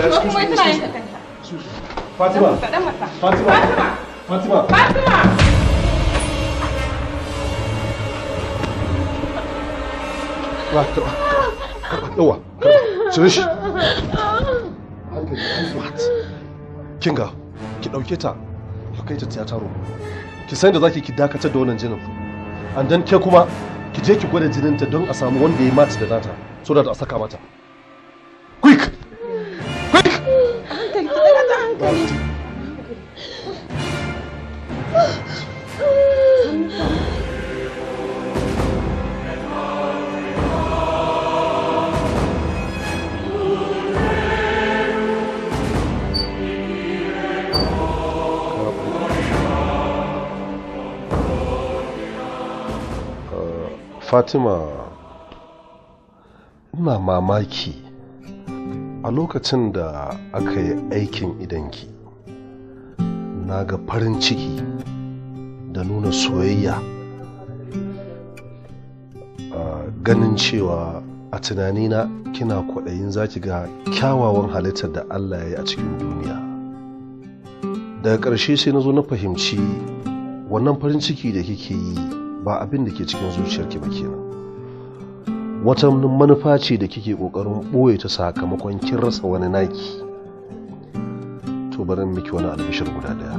Ko kuma tana yin kanta. Fatima. Fatima. Fatima. Fatima. ba ta ba yawa ki ɗauke ta san da zaki ki dakatar da wannan jinin and then ke kuma ki je ki gwada ta don a samu wanda ya mata da nata so da a saka mata Fatima, na mamaki a lokacin da aka yi aikin idanki na ga farin ciki da nuna soyayya ganin cewa a tunanina kina kwaɗayin za ki ga kyawawan halittar da allah ya yi a cikin duniya daga ƙarshe sai na zo na fahimci wannan farin ciki da kike yi ba abin da ke cikin zuciyarki ba kenan wata manufa ce da kike ƙoƙarin ɓoye ta sakamakon kin rasa wani naki to bari miki wani albishir guda ɗaya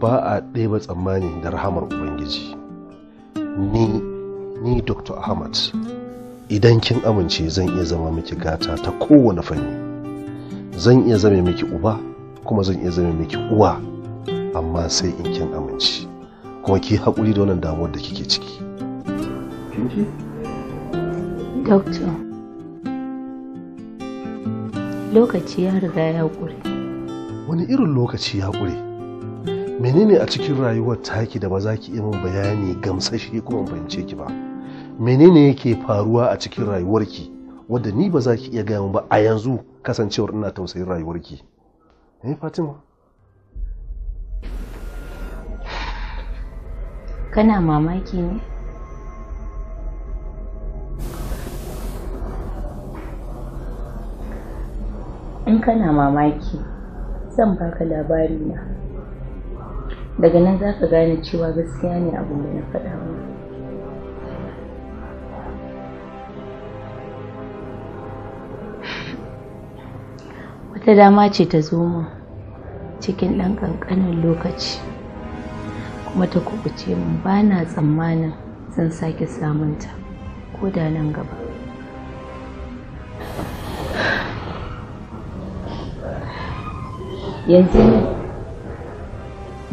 ba a ɗeba tsammani da rahamar ubangiji ni ni dr ahmad idan kin amince zan iya zama miki gata ta kowane fanni zan iya zame miki uba kuma zan iya zame miki uwa amma sai in kin amince kuma ki haƙuri da wannan damuwar da kike ciki Doctor, lokaci ya riga ya ƙure. Wani irin lokaci ya ƙure? Menene a cikin rayuwar taki da ba za ki min bayani gamsashe kuma fahimce ki ba? Menene yake faruwa a cikin rayuwarki wadda ni ba za ki iya gaya ba a yanzu kasancewar ina tausayin rayuwarki? Eh Fatima? Kana mamaki ne? in kana mamaki zan baka labari na daga nan za ka gane cewa gaskiya ne abin da na faɗa wata dama ce ta zo mu cikin ɗan ƙanƙanin lokaci kuma ta kubuce mun ba na tsammanin zan sake samunta ko da nan gaba yanzu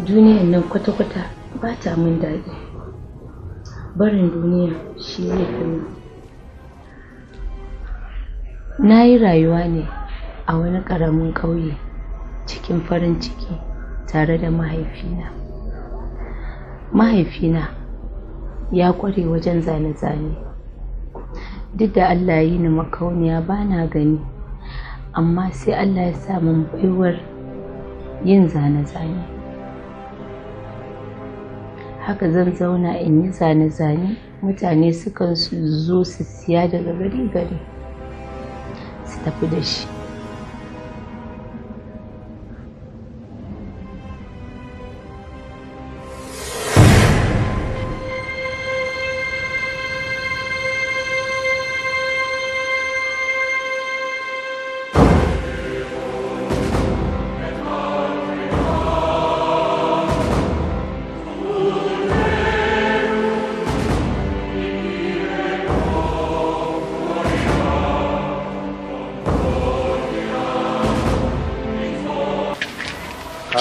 duniyan nan kwata-kwata ba ta min daɗi barin duniya shi zai kuma na yi rayuwa ne a wani ƙaramin ƙauye cikin farin ciki tare da mahaifina mahaifina ya ƙware wajen zane-zane duk da allah yi ni makauniya ba na gani amma sai allah ya sa min baiwar yin zane-zane haka zan zauna in yi zane-zane mutane sukan zo su siya daga gari gari su tafi da shi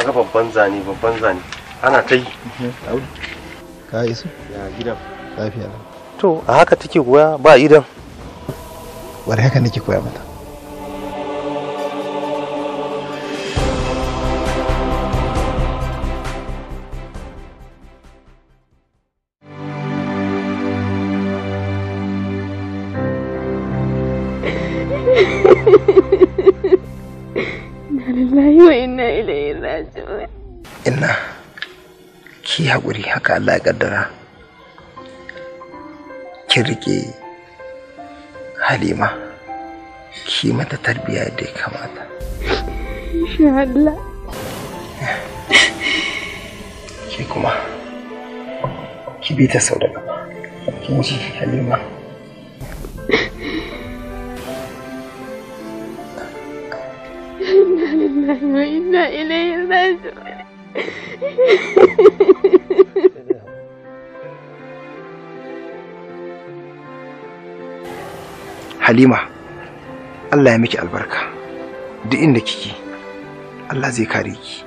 ga babban zane babban zane ana ta yi ka isu ya gidan lafiya to a haka take goya ba idan wani haka nake koya mata haƙuri haka Allah ya ƙaddara ki riƙe halima ki mata tarbiyya da ya kamata Allah ki kuma ki bi ta sau da gaba ki ji halima inna ilaihi raji'un halima allah ya miki albarka duk inda kike allah zai kare ki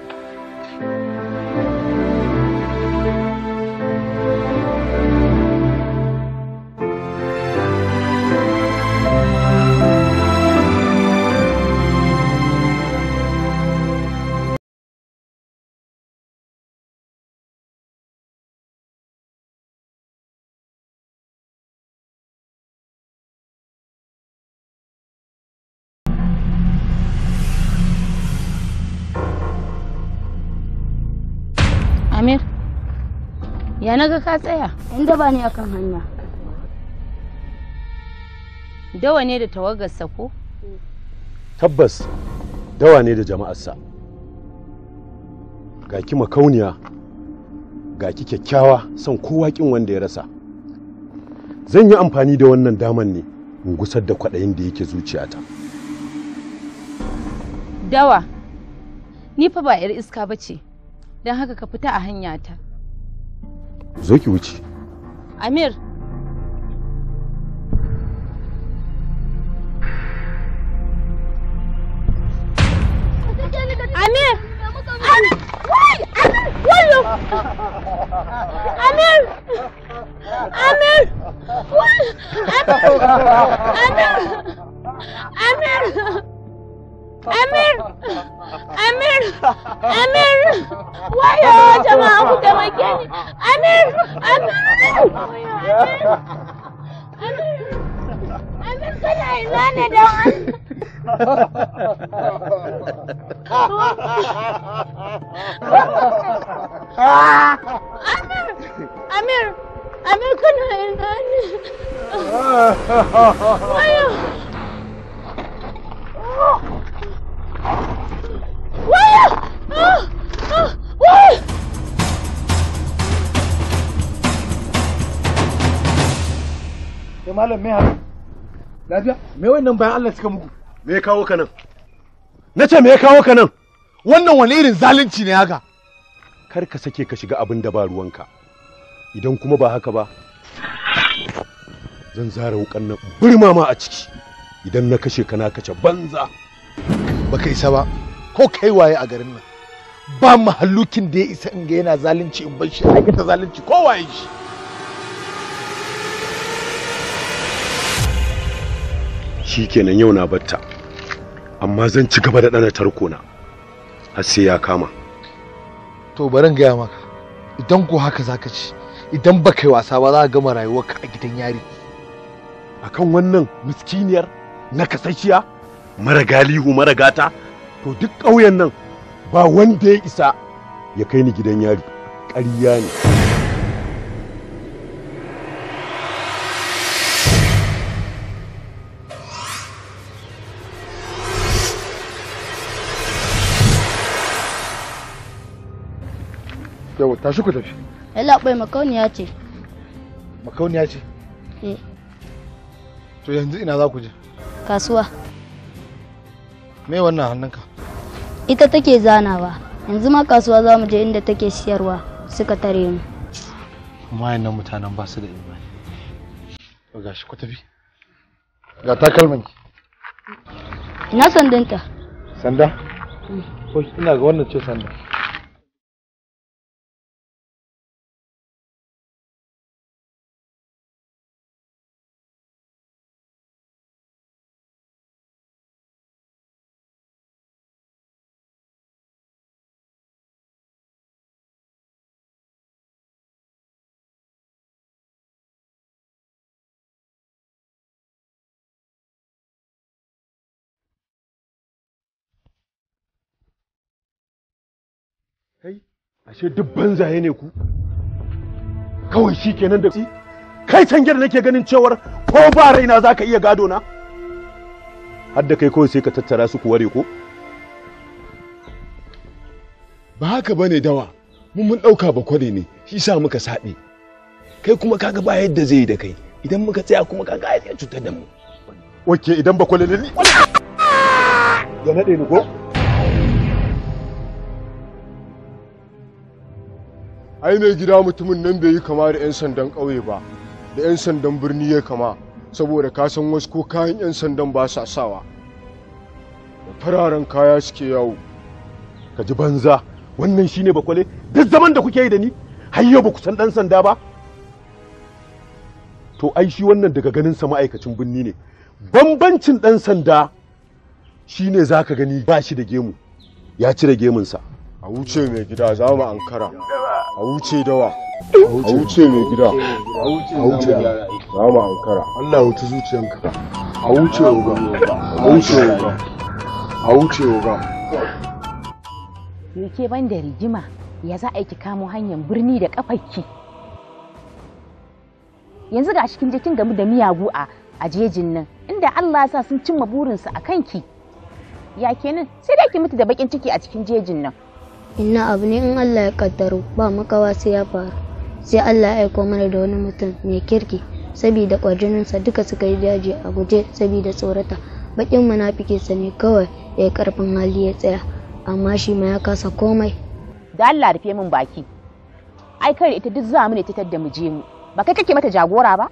ya naga ka tsaya inda ba ni akan hanya dawa ne da tawagarsa ko tabbas dawa ne da jama'arsa ga ki makauniya ga ki kyakkyawa son kowa kin wanda ya rasa zan yi amfani da wannan daman ne in gusar da kwaɗayin da yake zuciyata dawa ni fa ba 'yar iska ba ce don haka ka fita a hanyata zo ki wuce amir amir amir amir amir amir Amir! Amir kana ina ne? Wayo! Wayo! Wayo! Ya malam me haka? Lafiya? Me wannan bayan Allah suka muku? me ya kawo ka nan na ce me ya kawo ka nan wannan wani irin zalunci ne haka kar ka sake ka shiga abin da ba ruwanka idan kuma ba haka ba zan zara wukan nan burma ma a ciki idan na kashe ka na kace banza Ba baka isa ba ko kai waye a garin nan ba mahallukin da ya isa in ga yana zalunci in bar shi aikata zalunci ko waye shi shikenan yau na batta amma zan ci gaba da ɗana tarkona har sai ya kama to barin gaya maka idan ko haka zaka ci idan ba kai wasa ba za ka gama rayuwarka a gidan yari akan wannan miskiniyar na kasashiya mara galihu mara gata to duk ƙauyen nan ba wanda ya isa ya kai ni gidan yari ƙarya ne yau tashi ku tafi yalla bai makauniya ce makauniya ce eh to yanzu ina za ku je kasuwa me wannan hannunka ita take zanawa yanzu ma kasuwa za mu je inda take siyarwa suka tare mu mayan mutanen ba su da imani ga gashi ku tafi ga takalman ki ina sandanta sanda mm. ko ina ga wannan ce sanda Kai, ashe duk banzaye ne ku? Kawai shi kenan da kai? Kai canjar nake ganin cewar ko ba raina zaka iya gado na? Har da kai kawai sai ka tattara su ku ware ko? Ba haka bane dawa, mun mun ɗauka bakwai ne, shi sa muka saɓe. Kai kuma kaga ba yadda zai yi da kai, idan muka tsaya kuma kaga ya cutar da mu. Wake idan bakwale ne? Ya naɗe ni ko? ai mai gida mutumin nan bai yi kama da 'yan sandan ƙauye ba da 'yan sandan birni ya kama saboda ka san wasu ko kayan 'yan sandan ba sa sawa da fararen kaya suke yawo ka ji banza wannan shine bakwale duk zaman da kuke yi da ni har yau ba ku san dan sanda ba to ai shi wannan daga ganin sa ma'aikacin birni ne bambancin dan sanda shine ka gani ba shi da gemu ya cire gemunsa a wuce mai gida za mu ankara a wuce wa, a wuce mai gida a wuce za mu ankara Allah ya wuce zuciyanka a wuce yoga a wuce yoga a wuce yoga me ke ban da rigima ya za a yi ki kamo hanyar birni da kafarki yanzu ga cikin jikin gamu da miyagu a a jejin nan inda Allah ya sa sun cimma burinsu a kanki ya kenan sai dai ki mutu da bakin ciki a cikin jejin nan inna abu ne in Allah ya kaddaro ba makawa sai ya faru sai Allah ya aiko mana da wani mutum mai kirki saboda kwarjininsa duka suka yi daji a guje saboda tsorata bakin munafiki sa ne kawai ya karfin hali ya tsaya amma shi ma ya kasa komai da Allah rufe min baki ai kai ita duk za mu ne ta da mu je mu ba kai kake mata jagora ba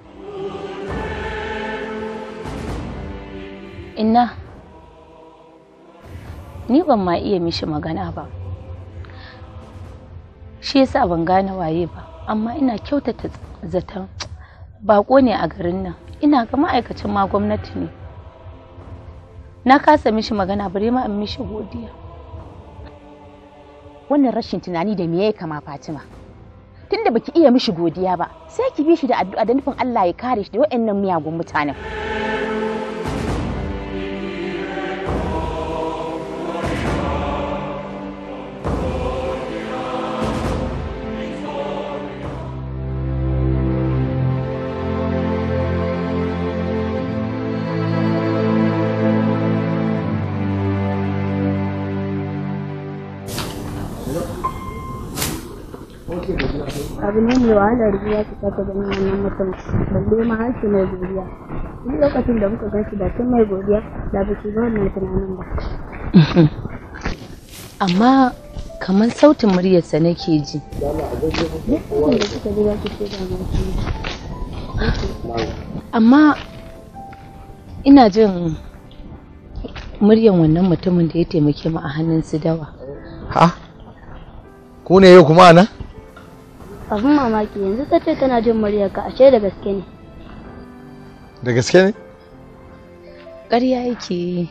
inna ni ban ma iya mishi magana ba shi yasa ban gane waye ba amma ina kyautata zaton Baƙo ne a garin nan ina ga ma'aikacin ma gwamnati ne na kasa mishi magana bare ma in mishi godiya wannan rashin tunani da me ya kama Fatima tunda baki iya mishi godiya ba sai ki bi shi da addu'a da nufin Allah ya kare shi da waɗannan miyagun mutanen abu ne mai wahalar ruwa ki sake ganin wannan mutum balle ma har shi mai godiya duk lokacin da muka gan shi da kin mai godiya da ba ga wannan tunanin ba amma kamar sautin muryarsa nake ji amma ina jin muryan wannan mutumin da ya taimake mu a hannun su dawa ha ku ne yau kuma nan abin mamaki yanzu ta ce tana jin muryarka ashe da gaske ne da gaske ne ƙarya yake yi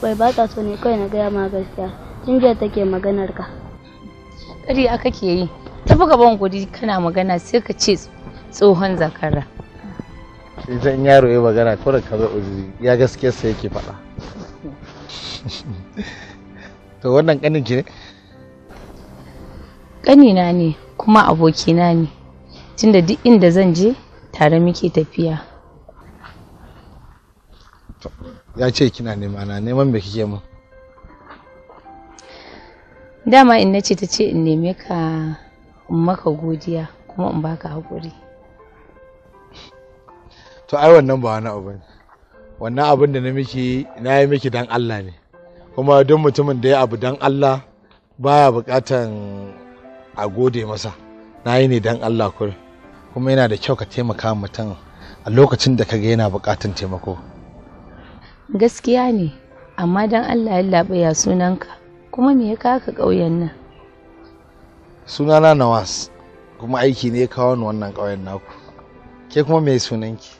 bai ba ta so ne kawai na gaya ma gaskiya tun jiya take maganar ka ƙarya kake yi tafi gaban gudi kana magana sai ka ce tsohon zakara idan yaro ya magana kawai ka zo uzuri ya sai yake faɗa to wannan ƙanin ki ne ƙanina ne kuma abokina ne tunda duk inda zan je tare muke tafiya ya ce kina nema na neman me kike min dama in nace ta ce in neme ka in maka godiya kuma in baka haƙuri to ai wannan ba wani abu ne wannan abin da na miki na yi miki dan Allah ne kuma duk mutumin da ya abu dan Allah baya buƙatan a gode masa na yi ne don Allah kuri kuma yana da kyau ka taimaka mutum a lokacin da ka ga yana bukatan taimako gaskiya ne amma don Allah ya ya sunanka kuma me ya kaka ƙauyen nan sunana Nawas kuma aiki ne ya kawo ni wannan ƙauyen naku ke kuma mai sunanki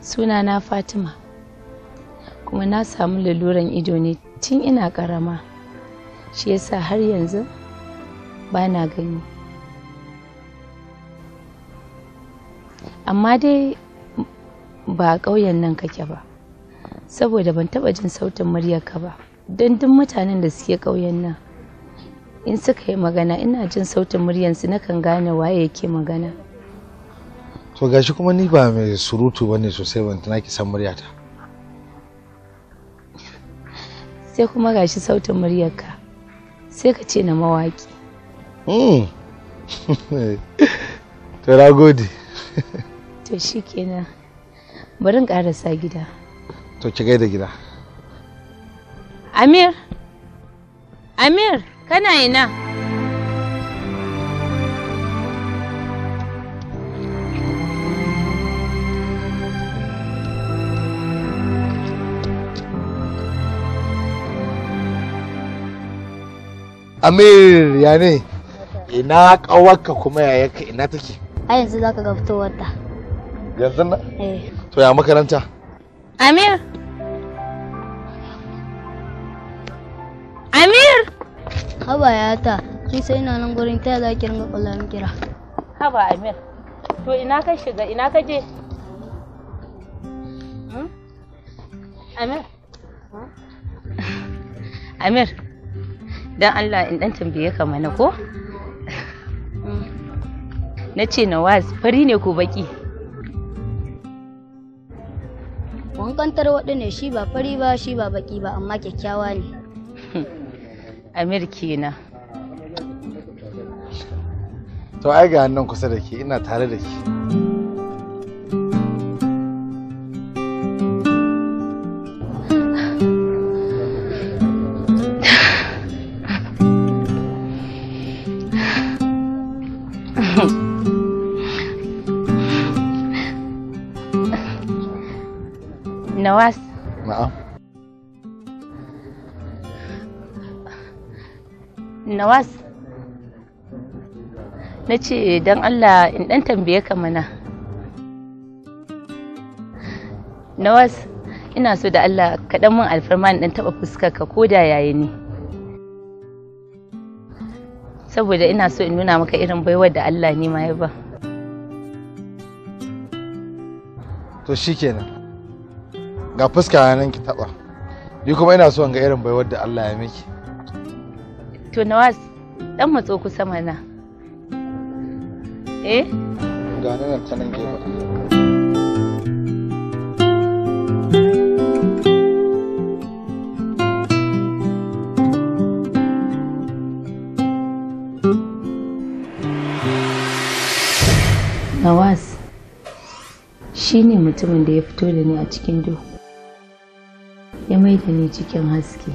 sunana Fatima kuma na samu laluran ido ne tun ina ƙarama shi yasa har yanzu ba na gani amma dai ba ƙauyen nan kake ba saboda ban taba jin sautin muryarka ba don duk mutanen da suke ƙauyen nan in suka yi magana ina jin sautin muryarsu kan gane waye yake magana to gashi kuma ni ba mai surutu bane sosai ban tana ki san muryata sai kuma gashi sautin muryarka sai ka ce na mawaƙi hmm. to na gode to shi kenan barin ƙarasa gida to ki gaida gida amir amir kana ina amir ya ne ina kawarka kuma yaya ka ina take a yanzu za ka ga wata. ta yanzu na eh. to ya makaranta amir amir haba ya ta ni sai ina nan gurin ta za ki ringa kullum kira haba amir to ina ka shiga ina ka je hmm? amir hmm? amir don allah in dan tambaye ka mana ko na ce nawaz fari ne ko baki wankantar waɗu ne shi ba fari ba shi ba baki ba amma kyakkyawa ne amir kenan to ai ga hannun kusa da ke ina tare da ke na ce don allah in dan tambaye ka mana nawas ina so da allah kaɗan min alfarma in dan taɓa fuskar ka ko da yayi ne saboda ina so in nuna maka irin baiwar da allah ne ma ya ba to shikenan ga fuska nan ki taɓa ni kuma ina so in ga irin baiwar da allah ya miki to nawas dan matso kusa mana E? Eh? ga shi ne mutumin da ya fito da ni a cikin duhu ya mai da ni cikin haske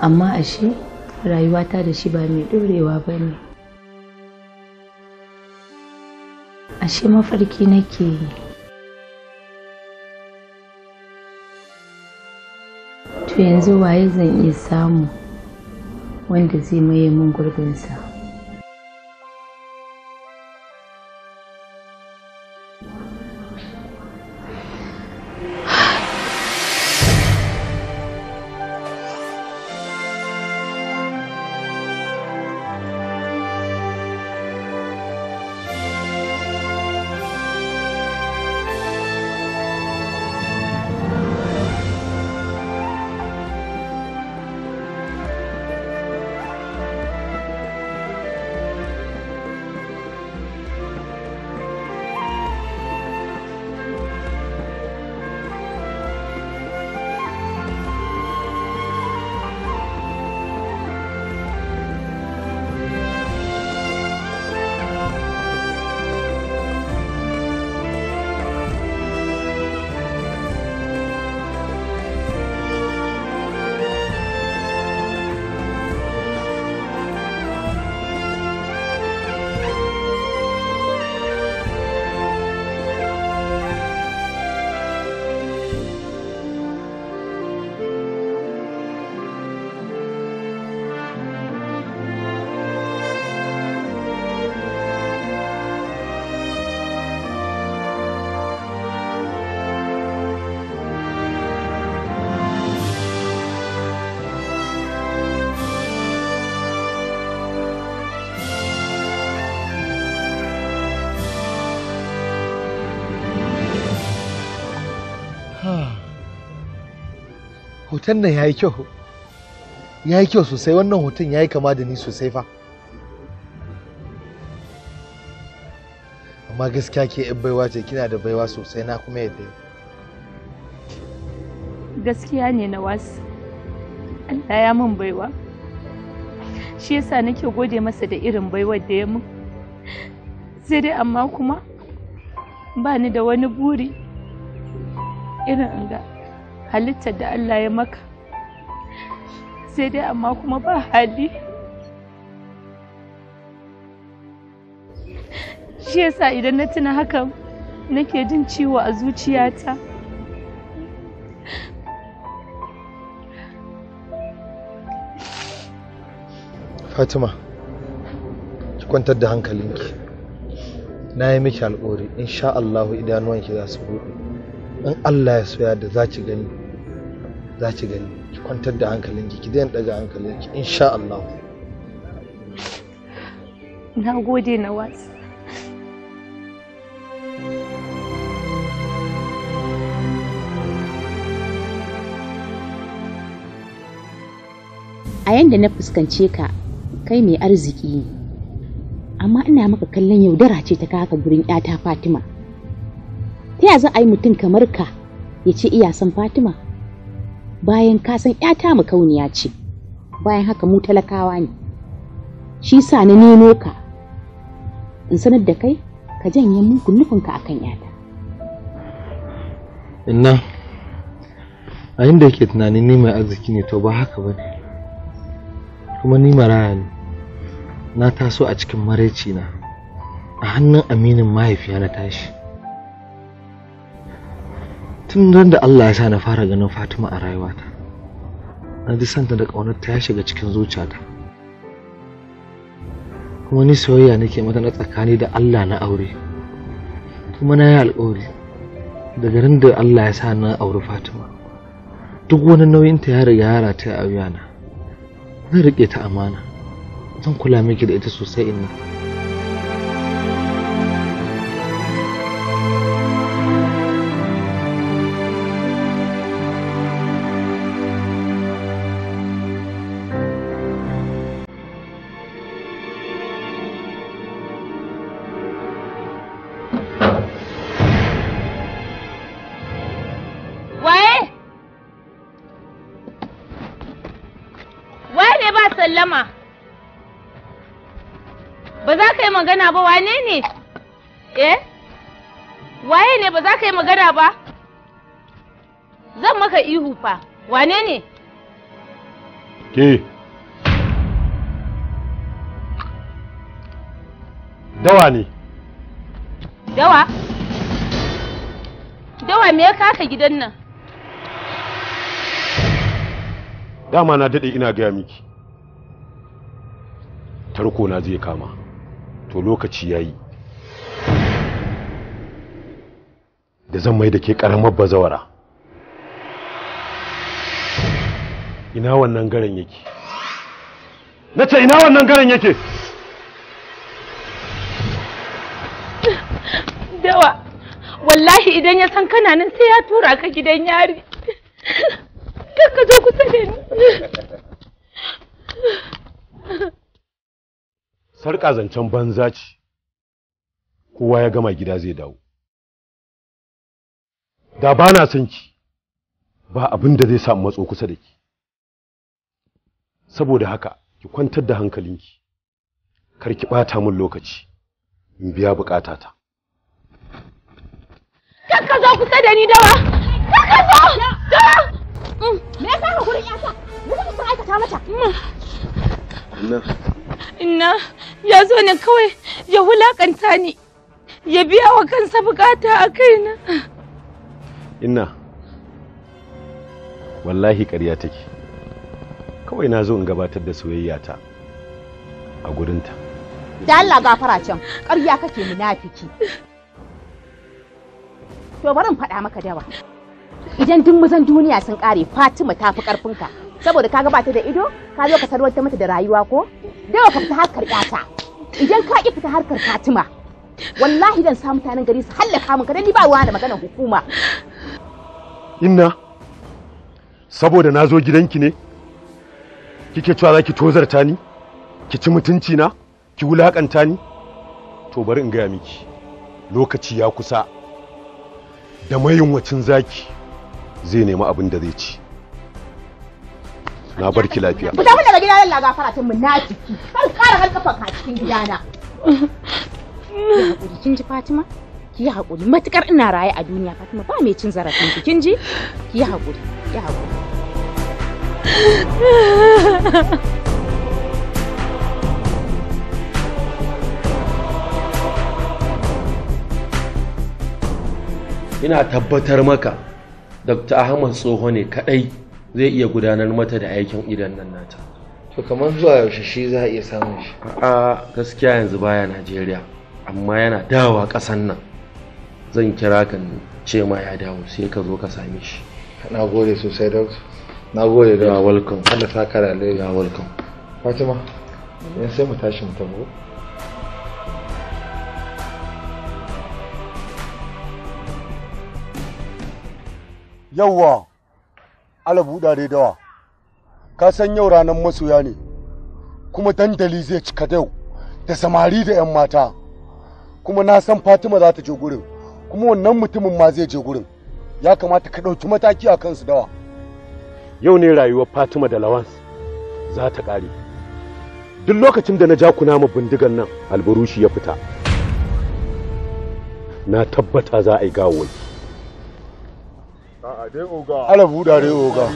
amma ashe rayuwata da shi ba mai ɗorewa ba ne ashe mafarki nake yi to yanzu waye zan iya samu wanda zai maye min gurbinsa hoton nan yayi kyau yayi kyau sosai wannan hoton yayi kama da ni sosai fa amma gaskiya ke yan baiwa ce kina da baiwa sosai na kuma yadda gaskiya ne na wasu Allah ya min baiwa shi yasa nake gode masa da irin baiwar da ya min sai dai amma kuma ba ni da wani buri irin ga halittar da Allah ya maka sai dai amma kuma ba hali shi yasa idan na tuna hakan nake jin ciwo a zuciyata fatima ki kwantar da hankalinki na yi miki alƙawari insha Allahu idanuwanki za su buɗe in Allah ya soya da za ki gani za ki gani ki kwantar da hankalinki ki daina daga hankalinki insha Allah na gode na wasu a yanda na fuskance ka kai mai arziki ne amma ina maka kallon yaudara ce ta kaka gurin 'yata fatima ya za a yi mutum kamar ka ya ce iya san fatima bayan ka san ƴata makauniya ce bayan haka mu talakawa ne shi sa na nemo ka in sanar da kai ka janye mugun nufinka a kan ƴata inna a inda yake tunanin ni mai arziki ne to ba haka ba ne kuma ni maraya ne na taso a cikin maraici na a hannun aminin mahaifiya na tashi tun ran da Allah ya sa na fara ganin Fatima a rayuwata na ji santa da ta ya shiga cikin zuciyata kuma ni soyayya nake mata na tsakani da Allah na aure kuma na yi alƙawari daga ran da Allah ya sa na auri Fatima duk wani nauyin ta ya riga ya rata a wuyana zan riƙe ta amana zan kula miki da ita sosai inna. magana ba wane ne eh waye ne ba za ka yi magana ba zan maka ihu fa wane ne ke dawa ne dawa dawa me ya kaka gidan nan dama na daɗe ina gaya miki tarko na zai kama to lokaci ya yi da zan mai da ke ƙaramar bazawara ina wannan garan yake na ce ina wannan garan yake dawa wallahi idan ya san kana nan sai ya tura ka gidan yari kan ka zo kusa da ni sarƙa zancen banza ce kowa ya gama gida zai dawo da ba na son ki ba abin da zai samu matso kusa da ki saboda haka ki kwantar da hankalinki kar ki ɓata min lokaci in biya bukata ta. ka zo kusa da ni dawa ka zo dawa mm. me yasa ka gurin yasa? me ka aikata mata mm. Inna ya zo ne kawai ya wulakanta ni ya biya wa kansa bukata a kaina. Inna wallahi ƙarya take kawai na zo in gabatar da soyayyata a gurinta. Da Allah gafara can ƙarya kake munafiki. To bari in faɗa maka dawa. Idan duk mazan duniya sun ƙare Fatima ta fi ƙarfinka. saboda kaga ba ta da ido ka zo ka sarwata mata da rayuwa ko dawa ka fita harkar 'yata, idan ka ki fita harkar Fatima wallahi dan sa mutanen gari su hallaka mun ka dan ni ba ruwa da maganar hukuma inna saboda na zo gidanki ne kike cewa zaki tozarta ni ki ci mutunci na ki wulakanta ni to bari in gaya miki lokaci ya kusa da wacin zaki zai nemi abin da zai ci na bar ki lafiya ku tafi daga gidan Allah gafara tun munafiki kar ƙara har kafa ka cikin gidana kin ji Fatima ki yi matukar ina raye a duniya Fatima ba mai cin zarafin ki kin ji ki yi ki hakuri. ina tabbatar maka dr ahmad tsoho ne kadai zai iya gudanar mata da aikin idan nan nata to kamar zuwa yaushe shi za a iya samun shi a gaskiya yanzu baya najeriya amma yana dawa kasan nan zan kira kan ce ma ya dawo sai ka zo ka same shi na gode sosai da na gode da ya walkan Allah ta kara da ya walkan Fatima yan sai mu tashi mu tabo yawwa ala buɗa dawa ka san yau ranar masoya ne kuma dandali zai cika yau da samari da 'yan mata kuma na san fatima za ta je gurin kuma wannan mutumin ma zai je gurin ya kamata ka ɗauki mataki a kansu dawa yau ne rayuwar fatima da lawans za ta ƙare duk lokacin da na ja kuna mu bindigan nan alburushi ya fita na tabbata za a yi gawo wani. ala buda dai oga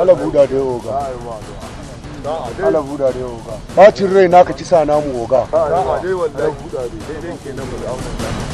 ala buda dai oga ala buda dai oga bacin rai na ka ci sa namu oga ala buɗa dai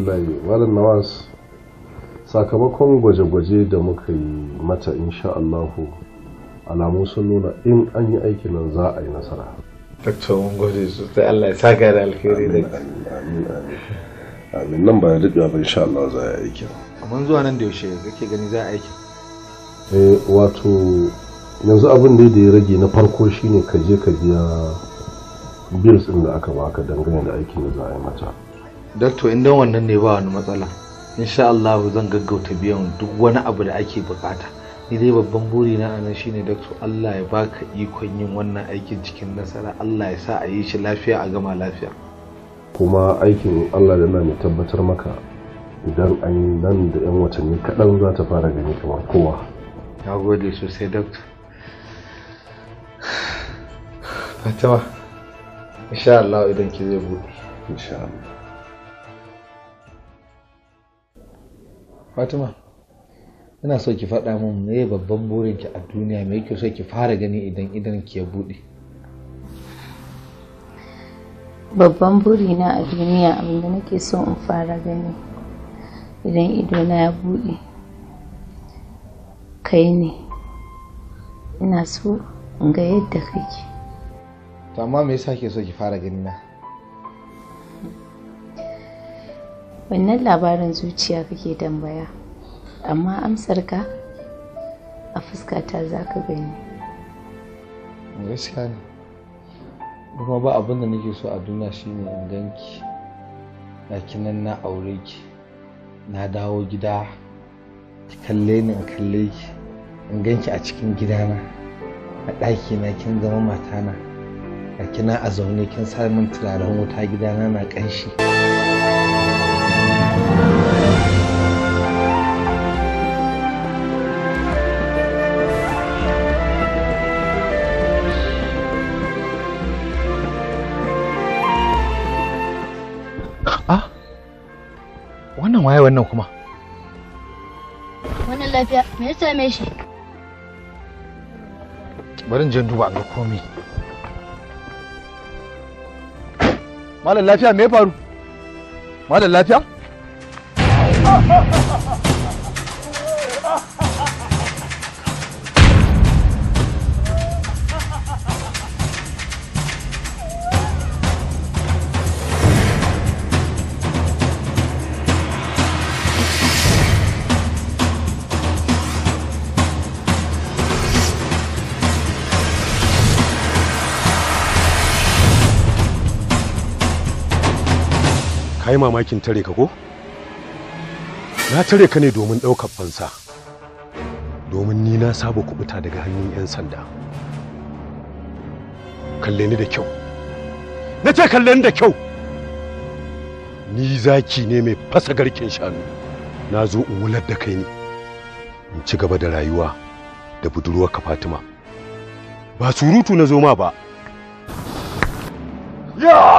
lillahi malam nawas sakamakon gwaje-gwaje da muka yi mata insha allahu alamu sun nuna in an yi aikin nan za a yi nasara Dr. mun gode sosai allah ya saka da alheri da amin nan ba ya daɗewa ba insha allahu za a yi aikin amma zuwa nan da yaushe kake gani za a aikin eh wato yanzu abin da ya rage na farko shine ka je ka biya bills din da aka baka dangane da aikin da za a yi mata Dokto inda wannan ne ba wani matsala. Insha Allah zan gaggauta biyan duk wani abu da ake bukata. Ni dai babban buri na anan shine Dokto Allah ya baka ikon yin wannan aikin cikin nasara. Allah ya sa a yi shi lafiya a gama lafiya. Kuma aikin Allah da na tabbatar maka idan an yi nan da 'yan watanni kaɗan za ta fara gani kamar kowa. Na gode sosai Dokto. Fatima, insha Allah idan ki zai buɗe. Insha Allah. fatima ina so ki faɗa min me babban burinki a duniya me yake so ki fara gani idan idan ki ya buɗe babban burina a duniya abinda nake so in fara gani idan idona ya buɗe kai ne ina so in ga yadda kake to amma me yasa ke so ki fara gani na wannan labarin zuciya kake tambaya amma amsarka a fuskata za ka gani gaskiya ne kuma ba abin da nake so a duniya shine in ganki ɗaki nan na aure ki na dawo gida ki kalle ni in kalle ki in ganki a cikin gidana a ɗaki na kin zama matana na na a zaune kin sa min turaren wuta gidana na ƙanshi wannan waye wannan kuma wannan lafiya me ya same shi bari in je duba ga komi malam lafiya me ya faru malam lafiya kai mamakin tare ka ko na tare ka ne domin ɗaukar fansa domin ni na saba kubuta daga hannun 'yan sanda kalle ni da kyau na ce kalle ni da kyau ni zaki ne mai fasa garken shanu na zo in wular da kai ni in ci gaba da rayuwa da budurwar ka fatima ba surutu na zo ma ba Yeah!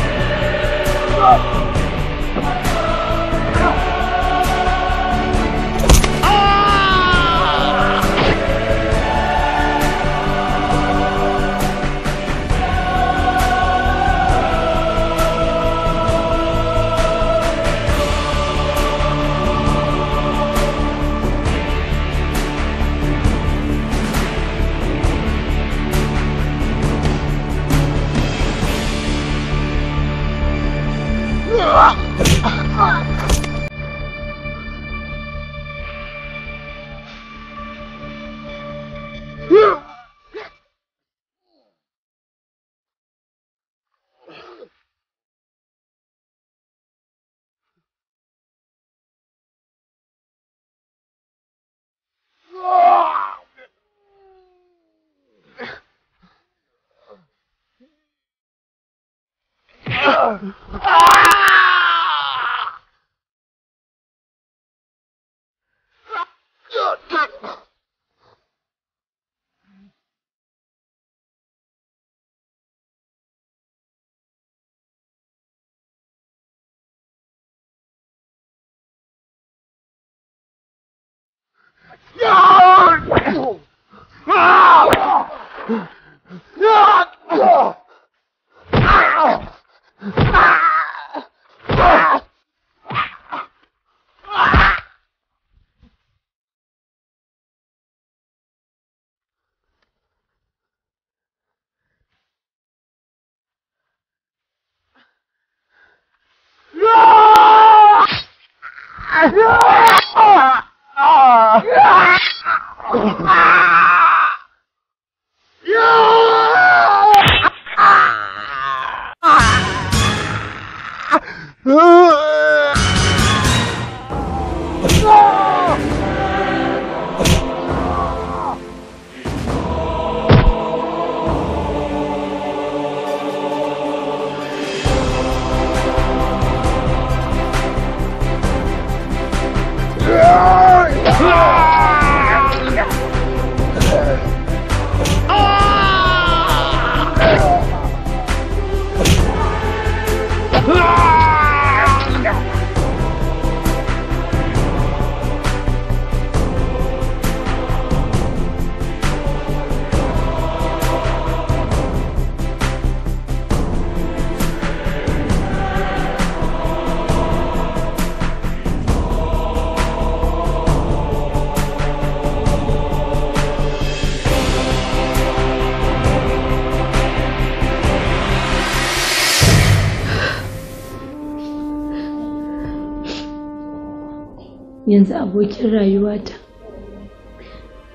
Oh! abokin rayuwata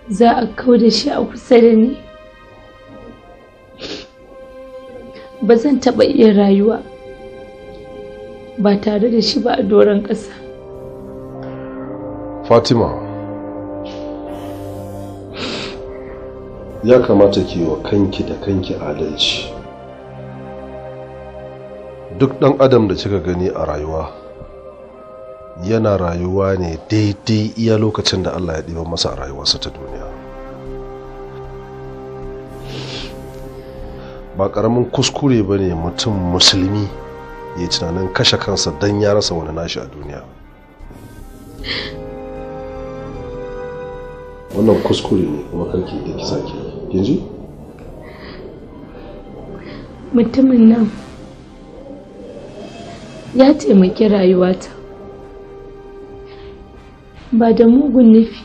za a kau da shi a kusa da ni ba zan taɓa iya rayuwa ba tare da shi ba a doron ƙasa fatima ya kamata ke wa kanki da kanki adalci duk ɗan adam da kika gani a rayuwa yana rayuwa ne daidai iya lokacin da Allah ya ɗiba masa a rayuwarsa ta duniya ba ƙaramin kuskure ba ne mutum musulmi ya tunanin kashe kansa don ya rasa wani nashi a duniya wannan kuskure ne kuma karki da kisa ke ji? mutumin nan ya taimaki rayuwata ba da mugun nufi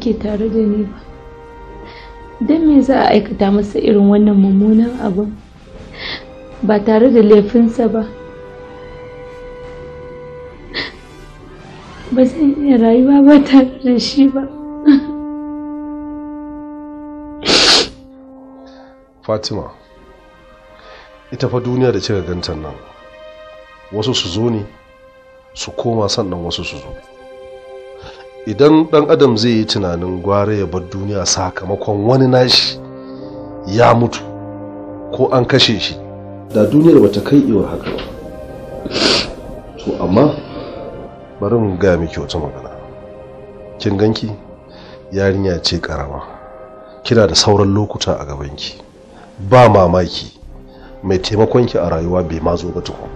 ke tare da ni ba don me za a aikata masa irin wannan mummunan abin ba tare da laifinsa ba ba zan iya rayuwa ba tare da shi ba fatima ita fa duniya da cika gantan nan wasu su zo ne su koma sannan wasu su zo idan ɗan adam zai yi tunanin gwara ya bar duniya sakamakon wani nashi ya mutu ko an kashe shi da duniyar bata kai iwa haka ba to amma bari mu gaya miki wata magana kin ganki yarinya ce karama kina da sauran lokuta a gabanki ba mamaki mai taimakon ki a rayuwa bai ma zo ba tukun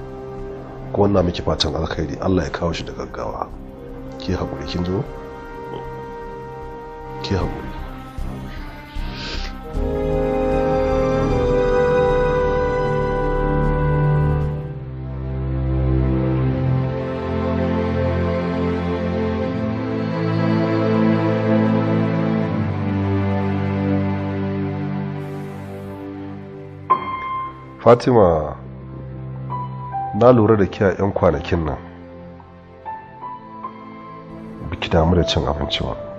ko wannan miki fatan alkhairi Allah ya kawo shi da gaggawa ki haƙuri kin zo ki haƙuri fatima na lura da kiya 'yan kwanakin nan biki damu da cin abinci ba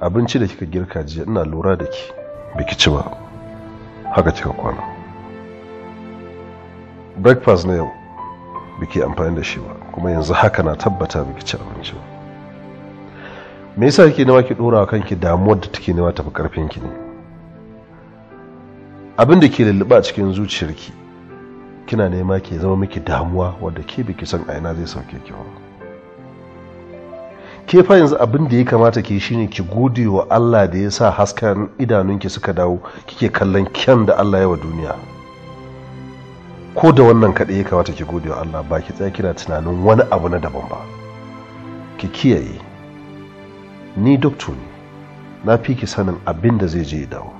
abinci da kika girka jiya ina lura da ki biki ci ba haka kika kwana breakfast na yau biki amfani da shi ba kuma yanzu haka na tabbata biki ci abinci ba me yasa kike nema ki dora kanki damuwar da take nema tafi karfin ki ne abin da ke a cikin zuciyarki kina nema ke zama miki damuwa wadda ke biki san aina zai sauke ki ba ke fa yanzu abin da ya kamata ke shine ki gode wa Allah da ya sa hasken idanunki suka dawo kike kallon kyan da Allah ya wa duniya ko da wannan kaɗai ya kamata ki gode wa Allah ba ki tsaya kina tunanin wani abu na daban ba ki kiyaye ni doktor ne na fi ki sanin abin da zai je ya dawo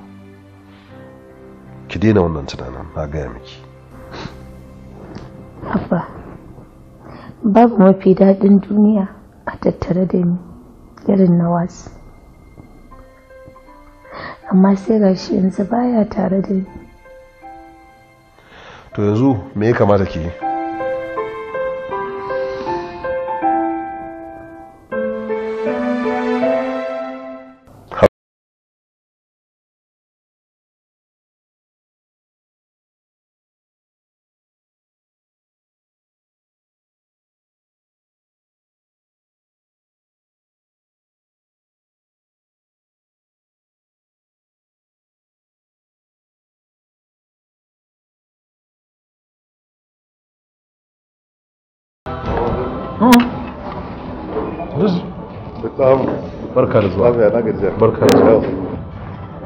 ki daina wannan tunanin na gaya miki abba babu mafi daɗin duniya a tattare da ni irin na wasu amma sai ga shi yanzu baya tare da ni to yanzu me ya kamata ki yi salamu barka da zuwa barka da zuwa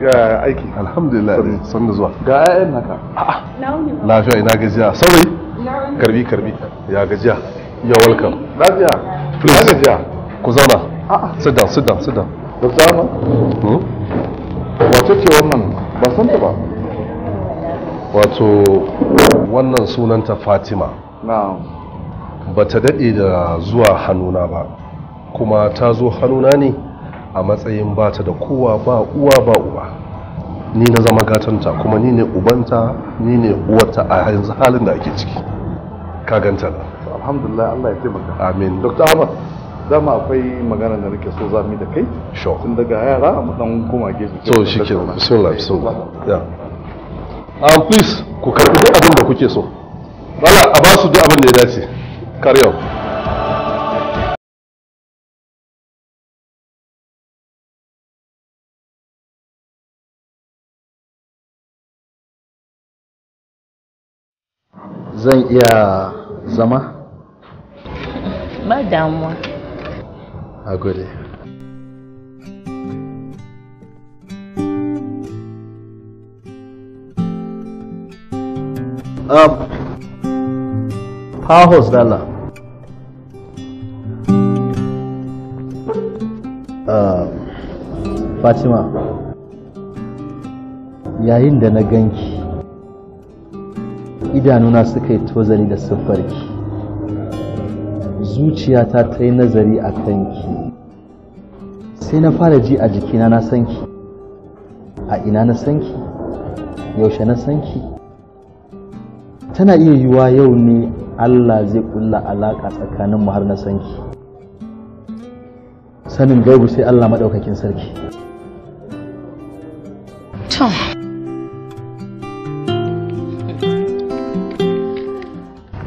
ya aiki alhamdulillah dai san da zuwa ga ayyan naka lafiya ina gajiya saurayi karbi karbi ya gajiya ya walkam lafiya ya gajiya ku zauna sit down sit down sit down da zama hmm? wace ce wannan ba san ta ba wato wannan sunanta fatima ba ta daɗe da zuwa hannuna ba kuma ta zo hannuna ne a matsayin ba ta da kowa ba uwa ba uwa. ni na zama gatanta kuma ni ne ubanta ni ne uwarta a yanzu halin da ake ciki ka ganta da alhamdulillah Allah ya taimaka amin dr ahmad dama akwai magana da nake so za mu da kai sure tun daga yara mu dan koma gefe so shike bismillah eh, bismillah ya um ah, please ku karbi abin da kuke so bala a ba su duk abin da ya dace carry zan iya zama? ba damuwa a gode um, House Dala. Uh, Fatima, yayin da na ganki idanuna suka yi tozali da siffarki zuciyata ta yi nazari a kanki sai na fara ji a jikina na sanki a ina na sanki yaushe na sanki tana iya yiwuwa yau ne allah zai kulla alaƙa tsakaninmu har na sanki sanin gaibu sai allah maɗaukakin sarki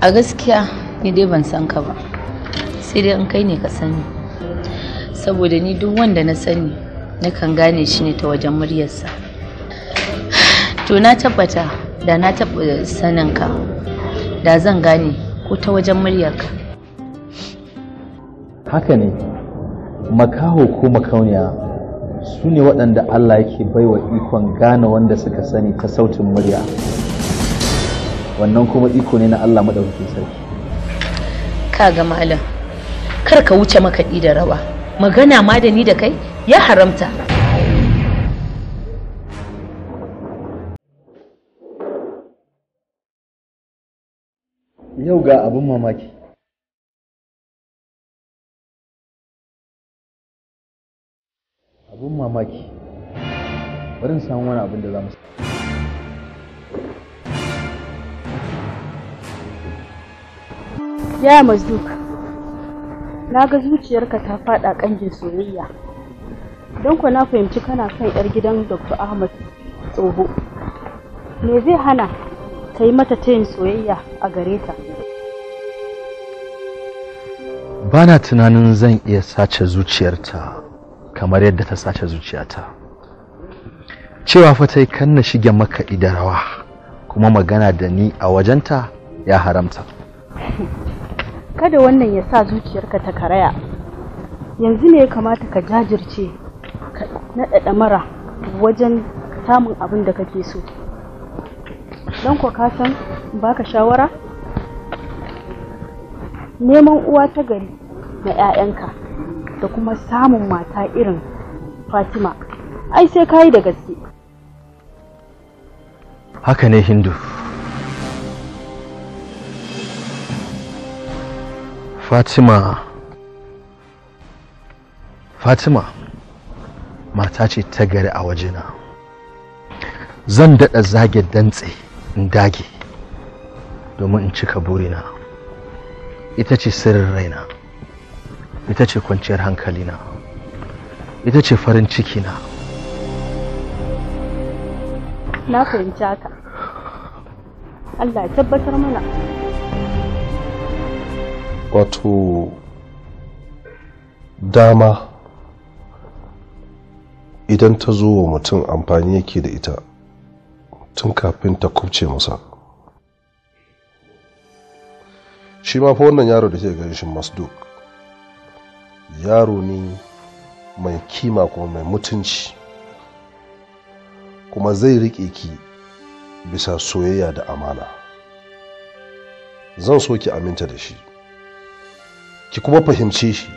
a gaskiya ni dai ban san ka ba sai dai an kai ne ka sani saboda ni duk wanda na sani na kan gane shi ne ta wajen muryarsa to na tabbata da na taɓa sanin ka da zan gane ko ta wajen muryarka haka ne makaho ko makauniya su ne waɗanda allah yake baiwa ikon gane wanda suka sani ta sautin murya wannan kuma iko ne na Allah madaukakin sarki Ka ga malam kar ka wuce makaɗi da rawa magana ma da ni da kai ya haramta yau ga abin mamaki abin mamaki bari samu wani abin da za mu Yaya Mazduk, na ga zuciyarka ta faɗa ƙangin soyayya. Don kuwa na fahimci kana son 'yar gidan Dr. Ahmad Tsoho. Me zai hana ka yi mata tayin soyayya a gare ta? Ba na tunanin zan iya sace zuciyarta kamar yadda ta sace zuciyata. Cewa fa ta yi kan na shige maka idarawa kuma magana da ni a wajenta ya haramta. kada wannan ya sa zuciyarka ta karaya yanzu ne ya kamata ka jajirce ka naɗaɗa mara wajen samun abin da kake so don ko ka san baka shawara neman uwa ta gari na 'ya'yanka da kuma samun mata irin fatima ai sai ka yi da gaske haka ne hindu fatima fatima mata ce ta gari a wajena zan daɗa zage dantse in dage domin in cika burina ita ce sirrin raina ita ce kwanciyar hankalina ita ce farin cikina na fahimci haka Allah ya tabbatar mana wato dama idan ta zo wa mutum amfani yake da ita tun kafin ta kubce masa shi ma fa wannan yaro da ke gani shi masduk yaro ne mai kima kuma mai mutunci kuma zai riƙe ki bisa soyayya da amana zan so ki aminta da shi ki kuma fahimce shi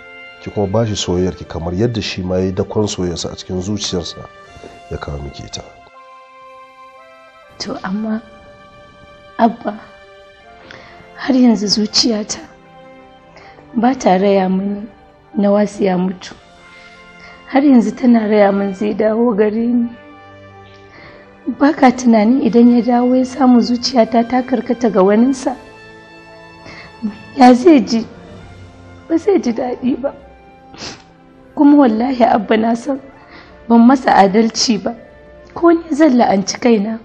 ki kuma ba shi soyayyarki kamar yadda shi ma ya yi dakon soyayyarsa a cikin zuciyarsa ya kawo miki ta to amma abba har yanzu zuciyata ba ta raya mini na wasu ya mutu har yanzu tana raya min zai dawo gare ni ba ka tunanin idan ya dawo ya samu zuciyata ta karkata ga waninsa ya zai ji ba zai ji daɗi ba kuma wallahi abba na san ban masa adalci ba ko ni zan la'anci kaina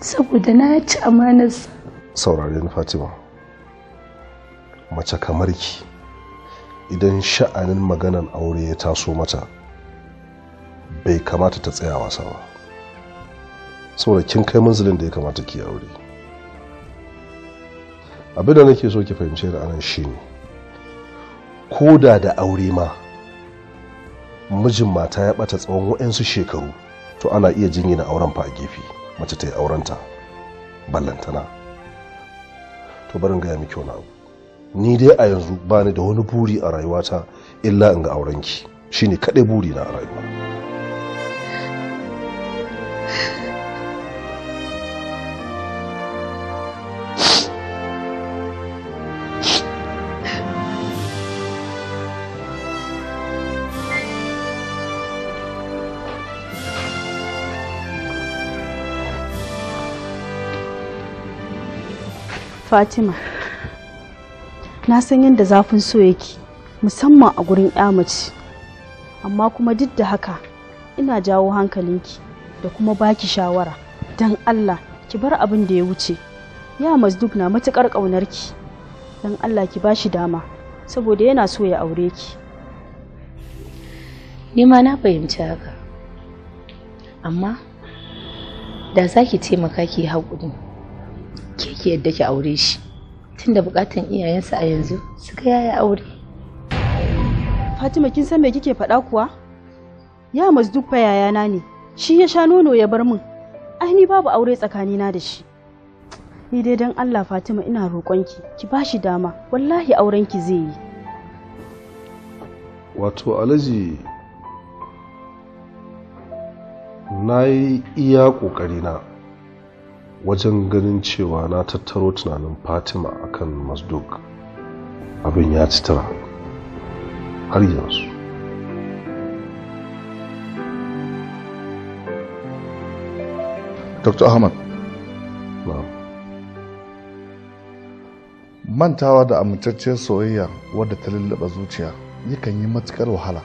saboda na ci amanarsa saurare ni fatima mace kamar ki idan sha'anin maganan aure ya taso mata bai kamata ta tsaya wasa ba saboda kin kai manzilin da ya kamata ki aure abin da nake so ki fahimce da anan shine koda da aure ma mijin mata ya bata tsawon waɗansu shekaru to ana iya na auren fa a gefe mace ta yi aurenta ballantana to barin gaya miki wani abu ni dai a yanzu bani da wani buri a rayuwata illa in ga aurenki shine kaɗai buri na a rayuwa Fatima, na san yadda zafin so yake musamman a gurin mace amma kuma duk da haka ina jawo hankalinki da kuma baki shawara don Allah ki bar abin da ya wuce. Ya duk na matuƙar ƙaunarki don Allah ki bashi dama saboda yana so ya aure ki. Ni ma na fahimci haka, amma da za ki taimaka ki haƙuri. ke yadda ke aure shi tunda bukatan iyayensa a yanzu su ga yaya aure Fatima kin san me kike faɗa kuwa ya Mazduk fa yayana ne shi ya sha nono ya bar min ai ni babu aure tsakanina da shi ni dai dan Allah Fatima ina roƙonki ki ba shi dama wallahi aurenki zai yi wato alaji na iya ƙoƙarina wajen ganin cewa na tattaro tunanin fatima akan masduk abin ya ci tara har yanzu dr ahmad mantawa da amintacciyar soyayya wadda ta lullaba zuciya yakan yi matukar wahala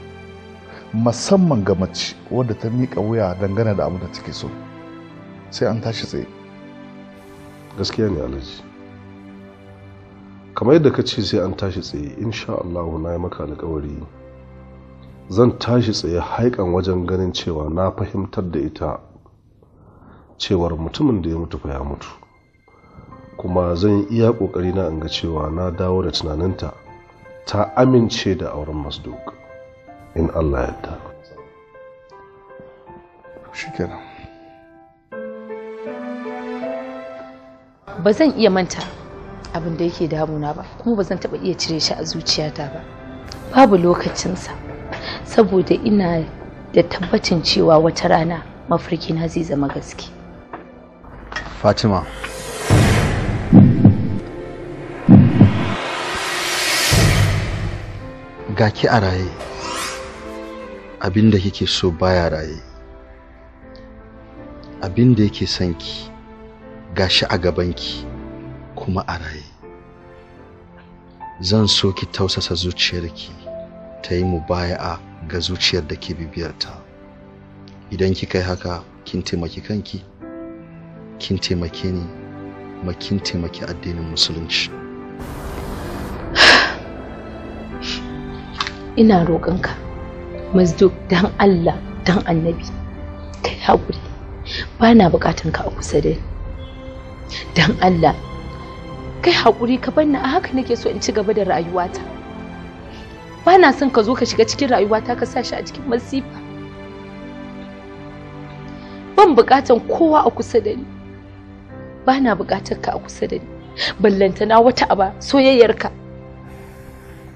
musamman ga mace wadda ta miƙa wuya dangane da abin da take so sai an tashi tsaye gaskiya ne alhaji kamar yadda ka ce sai an tashi tsaye insha Allah na yi maka alkawari zan tashi tsaye haikan wajen ganin cewa na fahimtar da ita cewar mutumin da ya mutu fa ya mutu kuma zan yi iya ƙoƙari na ga cewa na dawo da tunaninta ta amince da auren masduk in Allah yadda kenan ba zan iya manta abin da yake damuna ba kuma ba zan taɓa iya cire shi a zuciyata ba babu lokacinsa saboda ina da tabbacin cewa wata rana mafarki zai zama gaske fatima ga ki a raye abin da kike so baya raye abin da yake son ki Ga shi a gabanki kuma a raye zan so ki tausasa zuciyarki ta yi mubaya'a ga zuciyar da ke bibiyarta idan kika yi haka kin taimaki kanki kin taimake ni ma kin taimaki addinin musulunci ina roƙonka mazdu dan Allah dan annabi kai hakuri. ba na ka a kusa da ni don Allah kai haƙuri ka banna a haka nake so in ci gaba da rayuwata ba na son ka zo ka shiga cikin rayuwata ka sa shi a cikin masifa ban buƙatar kowa a kusa da ni ba na buƙatar ka a kusa da ni ballantana wata aba soyayyarka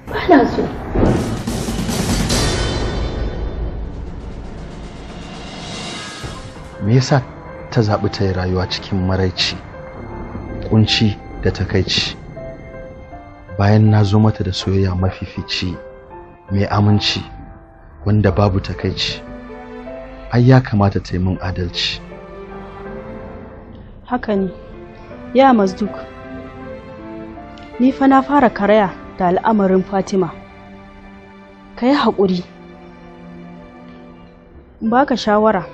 ba na so me yasa ta zaɓi ta yi rayuwa cikin maraici kunci da takaici bayan na zo mata da soyayya mafifici mai aminci wanda babu takaici ai ya kamata ta yi min adalci haka ne ya mazduk ni fa na fara karaya da al'amarin fatima ka yi haƙuri baka shawara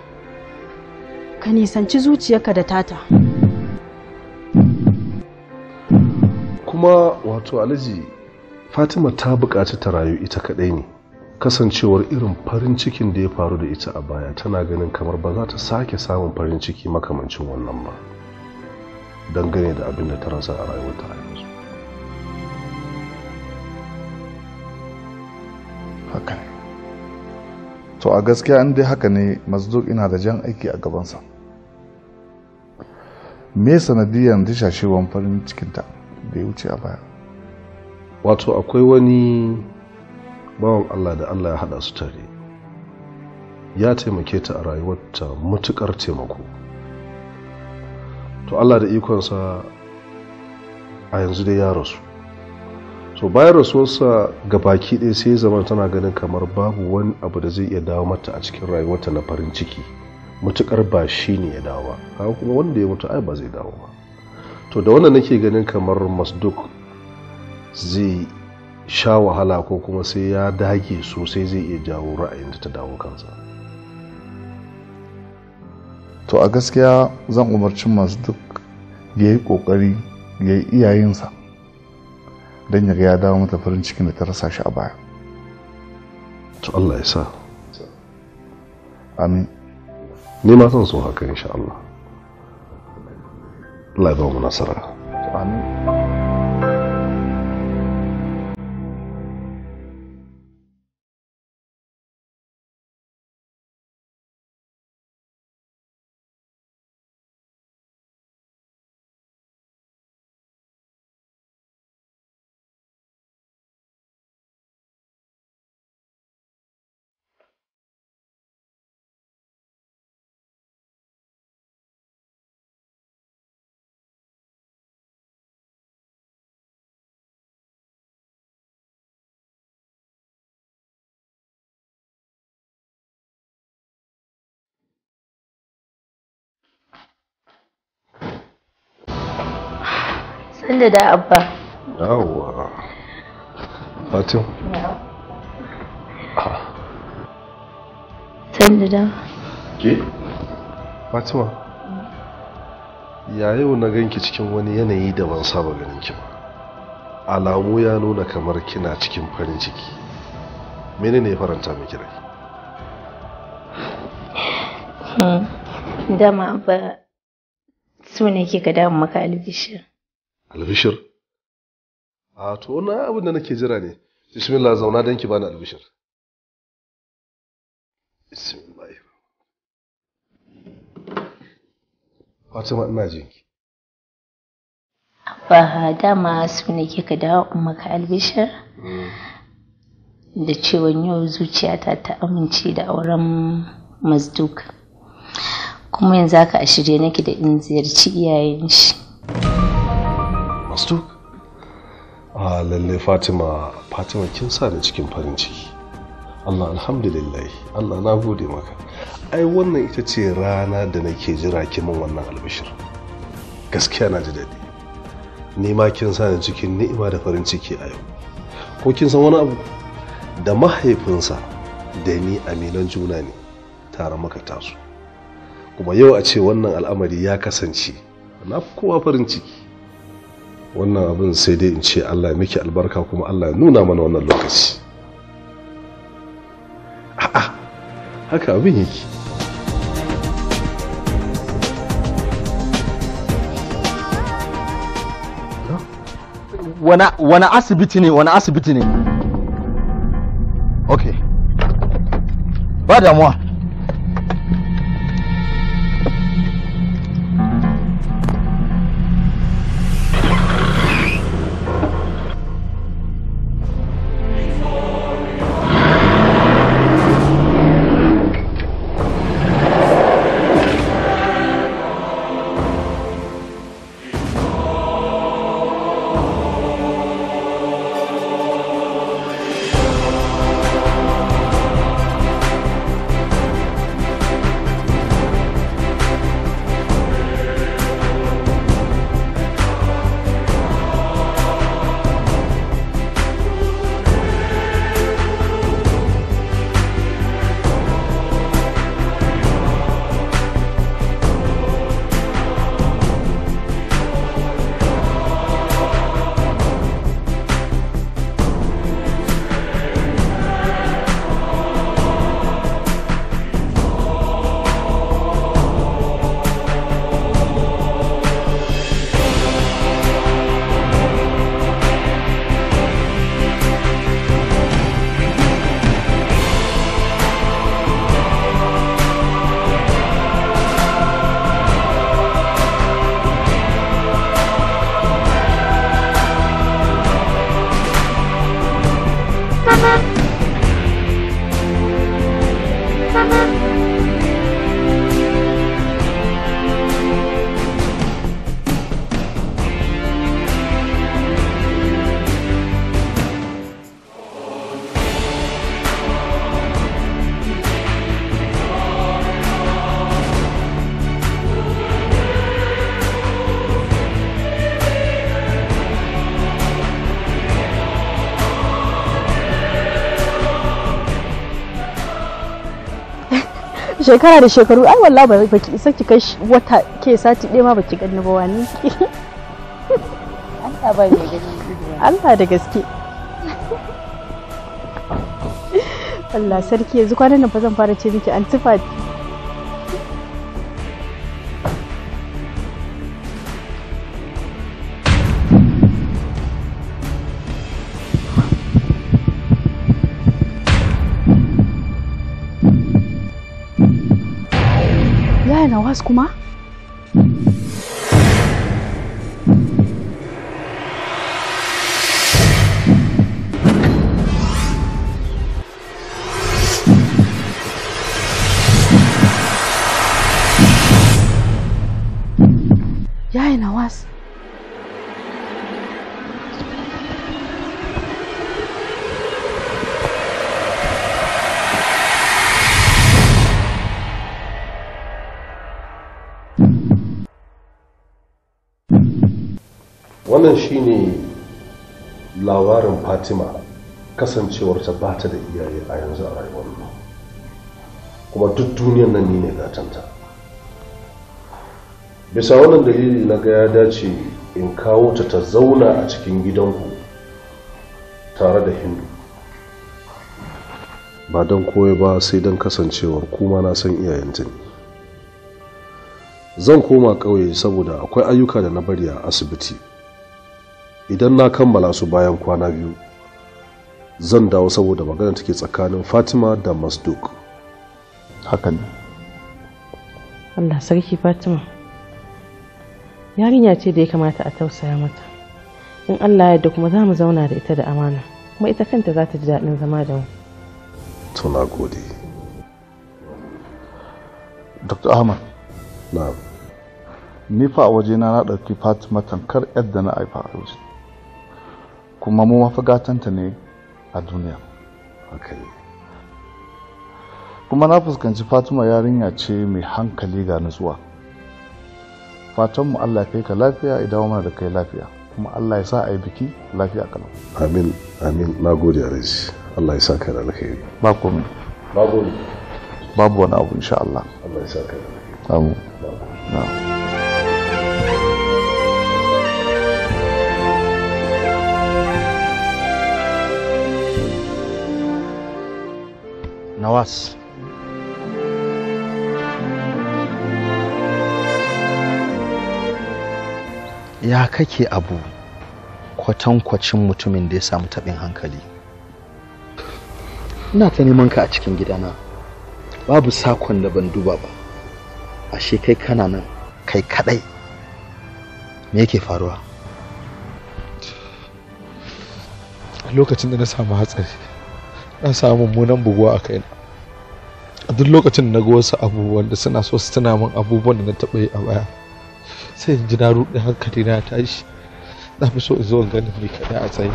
ka nisanci zuciyarka da tata kuma wato alhaji fatima ta bukaci ta rayu ita kadai ne kasancewar irin farin cikin da ya faru da ita a baya tana ganin kamar ba za ta sake samun farin ciki makamancin wannan ba dangane da abin da ta rasa a rayuwarta a yanzu haka ne to a gaskiya an dai haka ne mazduk ina da jan aiki a gabansa me sanadiyar dishashewan farin cikinta da wuce a baya wato akwai wani bawan allah da allah ya hada su tare ya taimake ta a rayuwarta matukar taimako to allah da ikonsa a yanzu dai ya rasu so bayan rasuwarsa ga baki ɗaya sai zama tana ganin kamar babu wani abu da zai iya dawo mata a cikin rayuwarta na farin ciki matukar ba shi ne ya dawo ba kuma wanda ya mutu ai ba zai dawo ba to da wannan nake ganin kamar masduk zai sha wahala ko kuma sai ya dage sosai zai iya jawo ra'ayin da ta dawo kansa to a gaskiya zan umarci masduk ya yi ƙoƙari ya yi iyayensa don ya ya dawo mata farin cikin da ta rasa shi a baya to Allah ya sa amin ni ma son so haka insha Allah الله يدوم نصره آمين da da abba yawwa fatim san da da ke fatima ya yau na ganki cikin wani yanayi da ban saba ganin ki ba alamu ya nuna kamar kina cikin farin ciki mene ne faranta miki rai hmm. dama ba su ne kika damu maka albishir albishir a to na abin da nake jira ne bismillah zauna don ki bani albishir bismillah fatima ina ki ba dama su ne kika dawo maka albishir hmm. da cewa yau zuciyata ta amince da auren mazduk kuma yanzu haka a shirye nake da in ziyarci iyayen shi lalle fatima fatima kin sa ni cikin farin ciki allah alhamdulillah allah na gode maka ai wannan ita ce rana da nake jira ki min wannan albishir gaskiya na ji daɗi ni ma kin sa ni cikin ni'ima da farin ciki a yau ko kin san wani abu da mahaifinsa da ni aminan juna ne tare maka taso kuma yau a ce wannan al'amari ya kasance na kowa farin ciki wannan abin sai dai in ce allah miki albarka kuma allah nuna mana wannan lokaci a'a haka abin yake wani asibiti ne wani asibiti ne ok ba damuwa shekara da shekaru ai wallahi ba baki isa ki kai wata ke sati ɗaya ma baki gani ba wani Allah ba ne gani Allah da gaske Allah sarki yanzu kwanan nan fa zan fara ce miki an tufa kuma wannan shine labarin fatima kasancewarta ba ta da iyaye a yanzu a rayuwar mu kuma duk duniyar nan ni ne gatanta bisa wannan dalili na ga ya dace in kawo ta ta zauna a cikin gidanku tare da hindu ba don koyi ba sai don kasancewar kuma na san iyayenta ne zan koma ƙauye saboda akwai ayyuka da na bari a asibiti idan na kammala su bayan kwana biyu zan dawo saboda magana take tsakanin fatima da masduk hakan allah sarki fatima yarinya ce da ya kamata a tausaya mata in allah ya yarda kuma za mu zauna da ita da amana kuma ita kanta za ta ji daɗin zama da mu tuna gode dr ahmad na ni fa a wajena na ɗauki fatima tankar yadda na haifa a wajen kuma mu mafagatanta ne a duniya kuma na fuskanci fatima yarinya ce mai hankali ga nutsuwa fatanmu allah kai ka lafiya idan mana da kai lafiya kuma allah ya sa a yi biki lafiya kana. amin amin na gode alhaji allah ya sa ka da alkhairi ba komai babu wani abu insha allah allah ya sa ka da alkhairi Nawas. Ya kake abu kwatankwacin mutumin da ya samu taɓin hankali. Ina ta neman ka a cikin gidana, babu sakon da ban duba ba, ashe kai kana nan kai kaɗai. Me yake faruwa? lokacin da na samu hatsari. na samu mummunan buguwa a kaina a duk lokacin da na ga wasu abubuwan da suna so su tuna min abubuwan da na taɓa yi a baya sai in ji na ruɗe hankali na tashi na fi so in zo ganin ni kaɗai a tsaye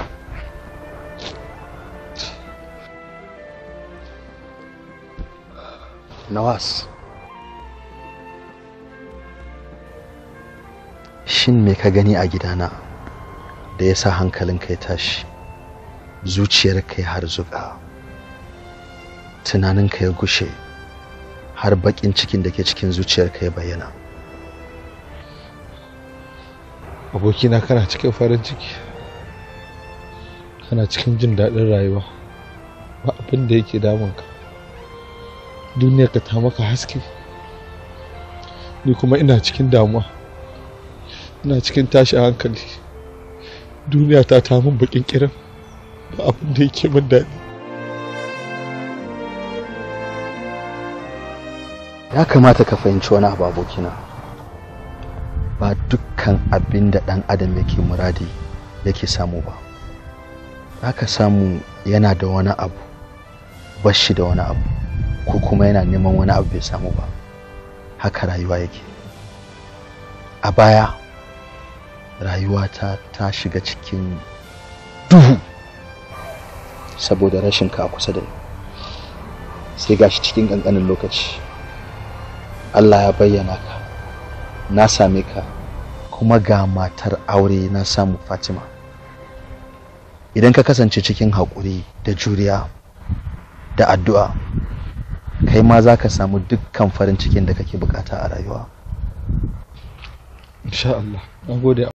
Nawas shin me ka gani a gidana da yasa sa hankalinka ya tashi zuciyarka ya harzuka tunaninka ya gushe har bakin cikin da ke cikin zuciyarka ya bayyana abokina kana cikin farin ciki kana cikin jin daɗin rayuwa ba abin da yake damunka ka ta maka haske ni kuma ina cikin damuwa ina cikin tashi hankali duniya ta ta min bakin kiran ba abin da yake min daɗi ya kamata ka fahimci wani abu abokina ba dukkan abin da ɗan adam yake muradi yake samu ba haka samu yana da wani abu bashi da wani abu ko kuma yana neman wani abu bai samu ba haka rayuwa yake a baya rayuwata ta shiga cikin duhu saboda rashin ka kusa da ni sai gashi cikin ƙanƙanin lokaci Allah ya bayyana ka na same ka kuma ga matar aure na samu Fatima idan ka kasance cikin haƙuri da juriya da addu'a kai ma za ka samu dukkan farin cikin da kake bukata a rayuwa. Allah,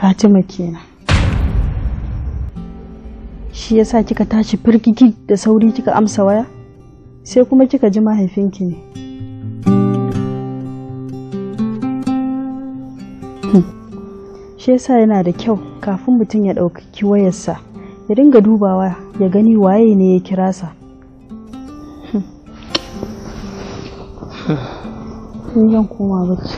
Fatima kenan. Shi yasa kika tashi firgiki da sauri kika amsa waya? Sai kuma kika ji mahaifinki ne. Hmm. Shi yasa yana da kyau kafin mutum ya ɗauki wayarsa ya dinga dubawa ya gani waye ne ya kira sa. Hmm. bacci.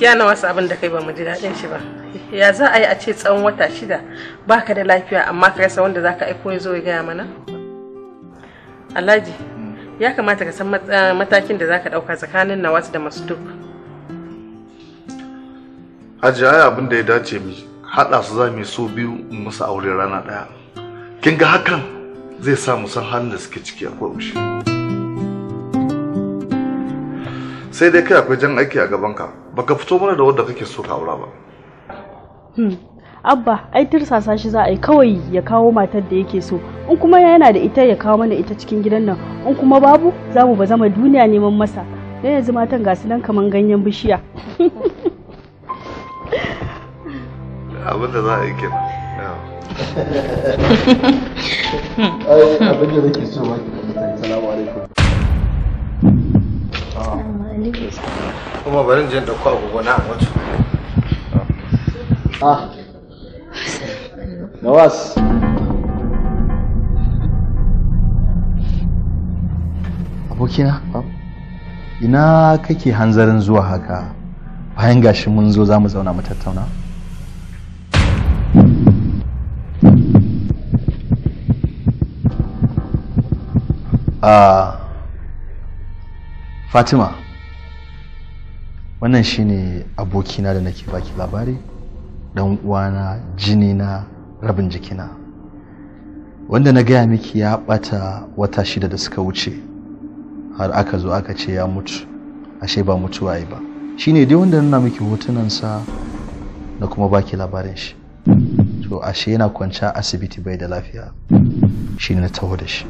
gaskiya na wasu abin da kai ba mu ji daɗin shi ba ya za a yi a ce tsawon wata shida baka da lafiya amma ka rasa wanda za aiko ya zo ya gaya mana alhaji ya kamata ka san matakin da za ka ɗauka tsakanin nawas da duk hajiya ya abin da ya dace mu haɗa su za mu so biyu musu aure rana ɗaya kin ga hakan zai sa mu san halin da suke ciki a koyaushe. sai dai kai akwai jan aiki a gaban ka baka fito mana da wanda kake so ka aura ba hmm. abba ai tirsasa shi za a yi kawai ya kawo matar da yake so in kuma yana da ita ya kawo mana ita cikin gidan nan in kuma babu za mu bazama duniya neman masa dan yanzu matan ga nan kaman ganyen bishiya abin da za a yi kenan abin da nake so ba ki salamu alaikum kuma barin jin da kwa na ah nawas ina kake hanzarin zuwa haka bayan gashi mun zo za mu zauna mu tattauna ah. fatima wannan shine abokina da nake baki labari dan uwana jini na, rabin jikina wanda na gaya miki ya bata wata shida da suka wuce har aka zo aka ce ya mutu ashe ba mutuwa ba shine dai wanda nuna miki hotunansa na kuma baki labarin shi to ashe yana kwanci asibiti bai da lafiya shine na taho da shi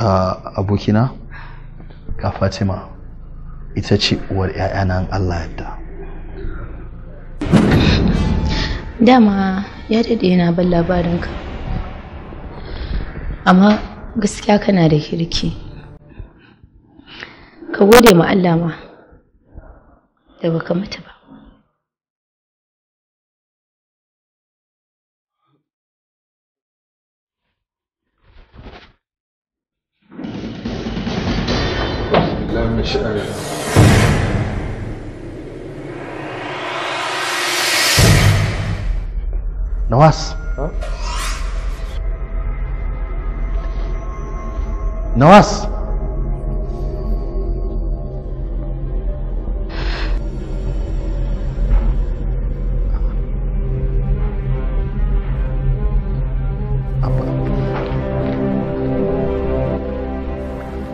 ah, abokina ga fatima ita ce uwar 'ya'yana allah yadda dama ya daɗe yana ban labarinka amma gaskiya kana da kirki ka gode ma allah ma da baka mata ba لا مش انا نواس ها؟ نواس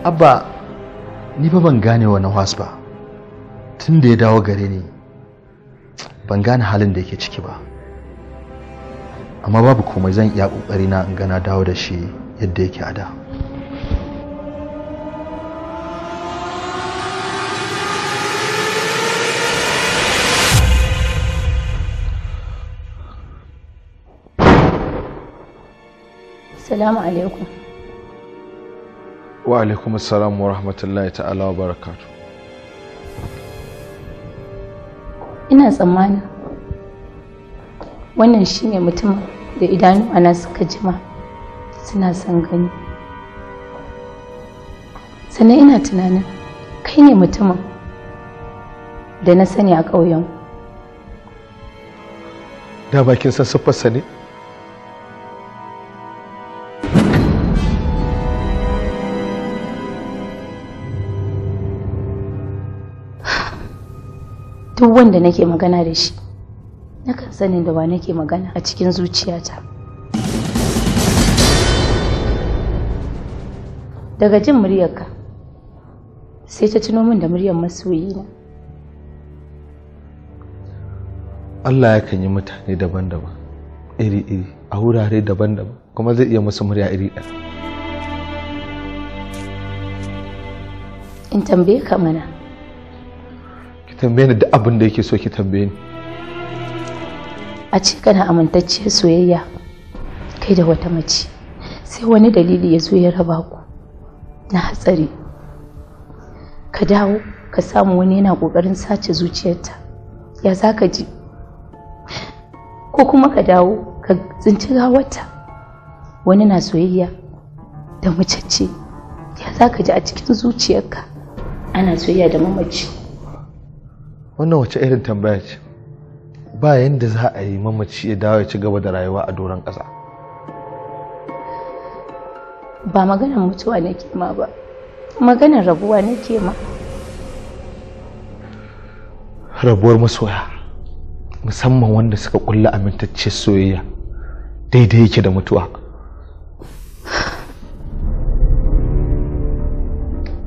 أبا ni fa ban gane wa Nawas ba tun da ya dawo gare ni ban gane halin da yake ciki ba amma babu komai zan iya kokari na in gana dawo da shi yadda yake a da Assalamu alaikum. wa alaikum assalam wa rahmatullahi ta'ala wa barakatu ina tsammanin wannan shine mutum da ana suka jima suna son gani sannan ina tunanin kai ne mutumin da na sani a ƙauyen da bakin san sani duk wanda nake magana da shi nakan sanin da wa nake magana a cikin zuciyata daga jin muryarka sai ta tuno min da muryar masoyina Allah ya kan yi mutane daban-daban iri-iri a wurare daban-daban kuma zai iya musu murya iri ɗaya in tambaye ka mana ki tambaye ni da abin da yake so ki tambaye ni a ce kana amintacciyar soyayya kai da wata mace sai wani dalili ya zo ya raba ku na hatsari ka dawo ka samu wani yana ƙoƙarin sace zuciyarta ya za ka ji ko kuma ka dawo ka tsinci gawarta wani na soyayya da ce ya za ka ji a cikin zuciyarka ana soyayya da mamaci wannan wace irin tambaya ce ba yadda za a yi mamaci ya dawo ya ci gaba da rayuwa a doron ƙasa ba maganar mutuwa nake ma ba maganar rabuwa nake ma rabuwar masoya musamman wanda suka kulla amintacce soyayya daidai yake da mutuwa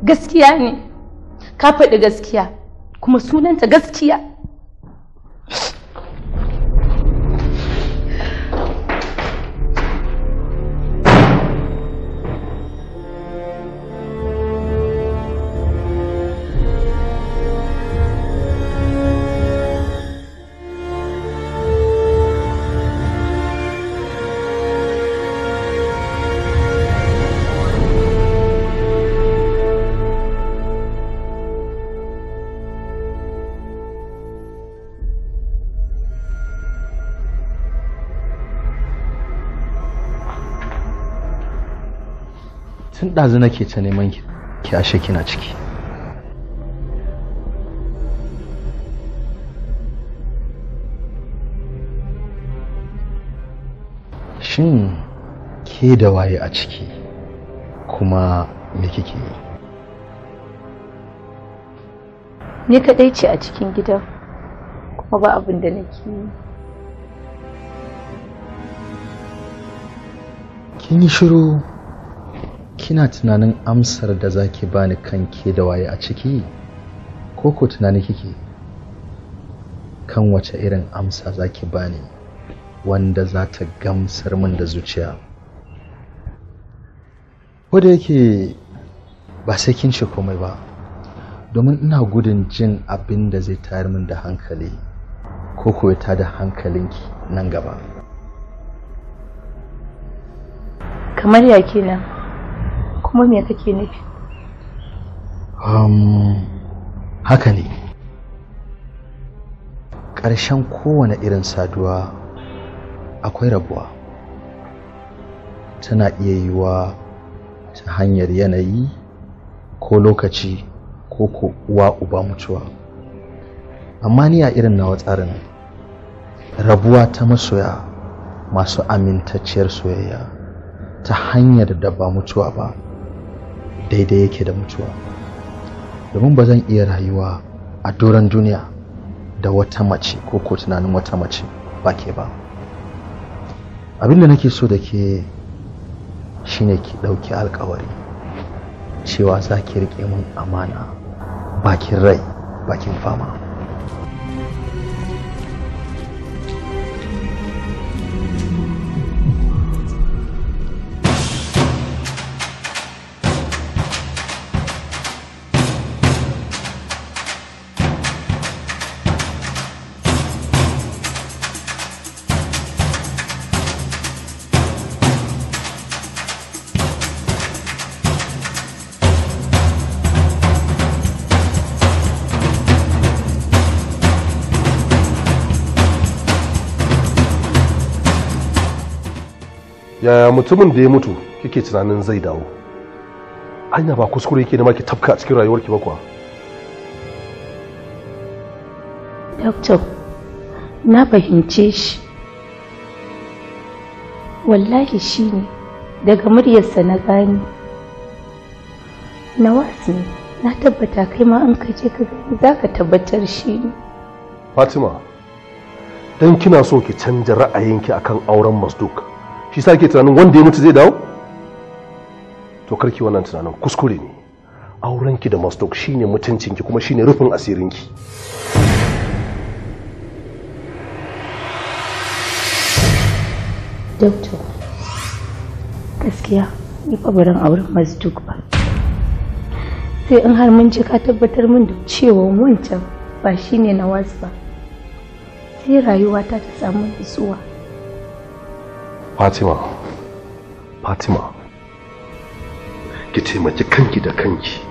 gaskiya ne ka faɗi gaskiya kuma sunanta gaskiya ɗazu nake ta neman ki ki ashe kina ciki shin ke da waye a ciki kuma me kike yi ni kaɗai ce a cikin gida kuma ba abin da nake yi kin yi shiru kina tunanin amsar da za zaki bani kan ke da waye a ciki ko ko tunani kike kan wace irin amsa za zaki bani wanda za ta gamsar min da zuciya ko da yake ba sai kin ce komai ba domin ina gudun jin abin da zai tayar min da hankali ko ko ya da hankalinki nan gaba kamar ya nan. kuma me kake nufi um, haka ne ƙarshen kowane irin saduwa akwai rabuwa tana iya yiwuwa ta hanyar yanayi ko lokaci ko ko uba mutuwa amma ni a irin nawa tsarin rabuwa ta masoya masu amintacciyar soyayya ta hanyar da ba mutuwa ba daidai yake da mutuwa domin ba zan iya rayuwa a doron duniya da wata mace ko ko tunanin wata mace ba ke ba abinda nake so da ke shine ki ɗauki alkawari cewa za ki riƙe mun amana bakin rai bakin fama mutumin da ya mutu kike tunanin zai dawo anya ba kuskure yake nema ki tafka a cikin rayuwarki ba kuwa doctor na fahimce shi wallahi shi ne daga muryarsa na gani na ne na tabbata kai ma an ka ka gani za ka tabbatar shi ne fatima don kina so ki canja ra'ayinki akan auren masduk shi sa ke tunanin wanda ya mutu zai dawo to karki wannan tunanin kuskure ne aurenki da mastok shine mutuncinki kuma shine rufin asirinki Doctor, gaskiya ni fa barin auren mastok ba. Sai in har mun ce ka tabbatar min da cewa wancan ba shine na wasu ba. Sai rayuwata ta samu nutsuwa. fatima fatima ki taimaki kanki da kanki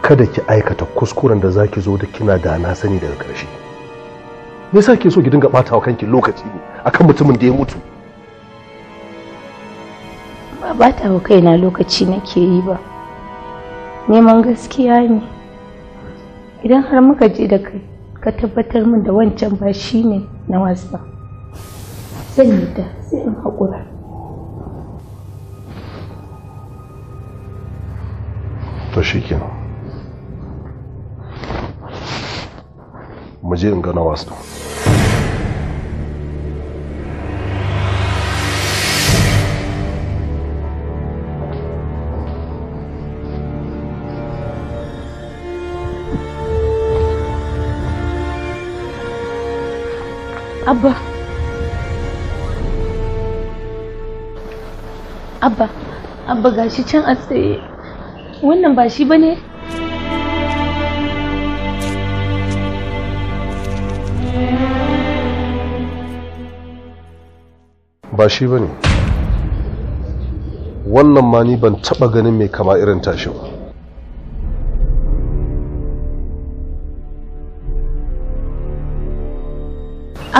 kada ki aikata kuskuren da zaki zo da kina da na sani daga karshe me yasa ke so ki dinga ɓata wa kanki lokaci ne akan mutumin da ya mutu ba bata wa kaina lokaci nake yi ba neman gaskiya ne idan har muka je da kai ka tabbatar min da wancan ba ne na wasu zan da sai haƙura to shi kenan mu je in gana wasu Abba. abba abba gashi can a tsaye wannan ba shi bane ba shi bane wannan ma ni ban taba ganin mai kama irin tashi ba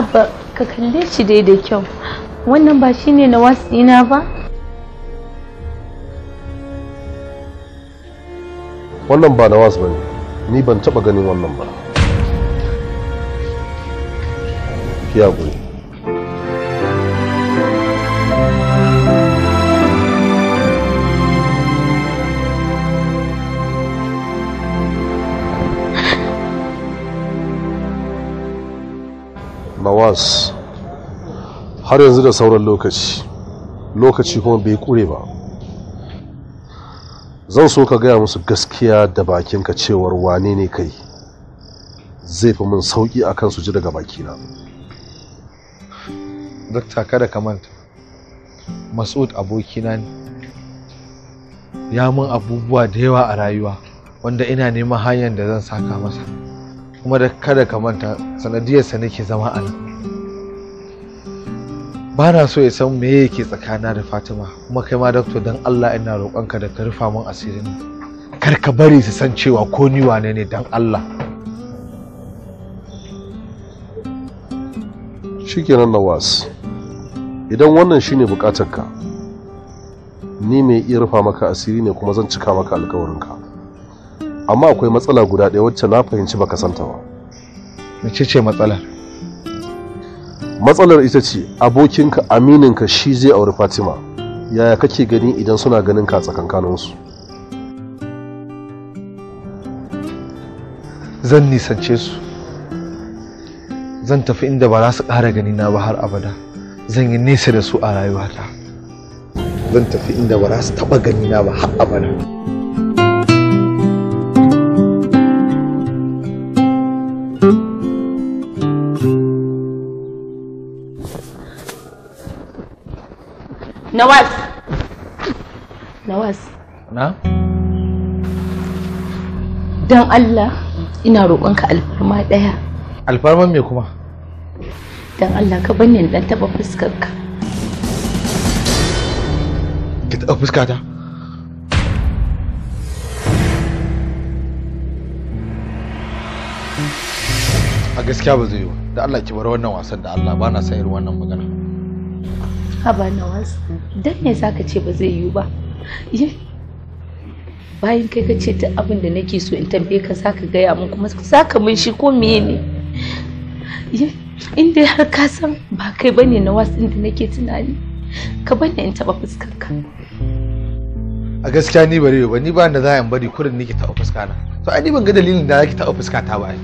abba ka kalle shi dai da kyau wannan ba shi ne na wasina ba wannan ba nawas ba ne ni ban taba ganin wannan ba ya guri Nawaz har yanzu da sauran lokaci lokaci kuma bai kure ba zan so ka gaya musu gaskiya da bakinka cewar wane ne kai zai fi min sauƙi a kan ji daga bakina dokta kada ka manta masud abokina ne ya mun abubuwa da yawa a rayuwa wanda ina neman hanyar da zan saka masa kuma da kada ka manta sanadiyarsa nake zama a nan ba na so ya san me yake tsakana da fatima kuma kai ma doctor don allah ina roƙonka da ka rufa min asirin kar ka bari su san cewa ko ni wane ne don allah shikenan nawas idan wannan shine ka ni mai iya rufa maka asiri ne kuma zan cika maka alkawarinka amma akwai matsala guda ɗaya wacce na fahimci baka santa ba. Mace ce matsalar? matsalar ita ce abokinka amininka shi zai auri fatima yaya kake gani idan suna ganin ka tsakankaninsu zan nisance su zan tafi inda ba za su ƙara gani na ba har abada zan yi nesa da su a rayuwata zan tafi inda ba za su taɓa gani na ba har abada Nawas. Nawas. Na? Don Allah ina roƙonka alfarma ɗaya. Alfarman me kuma? Don Allah ka bani dan taba taɓa fuskarka. Ki taɓa fuskata? A gaskiya ba zai yi ba. Da Allah ki bar wannan wasan da Allah ba na sayar wannan magana. Ka ba na wasu dan me zaka ce ba zai yiwu ba bayan kai ka ce ta abin da nake so in tambaye ka za ka gaya min kuma zaka min shi ko meye ne in dai har ka san ba kai ba ne na wasu inda nake tunani ka bane in taɓa fuskarka. a gaskiya ni bare ba ni ba da za a yi bari kurin nake taɓa fuskana to ai ni ban ga dalilin da zaki taba fuskata ba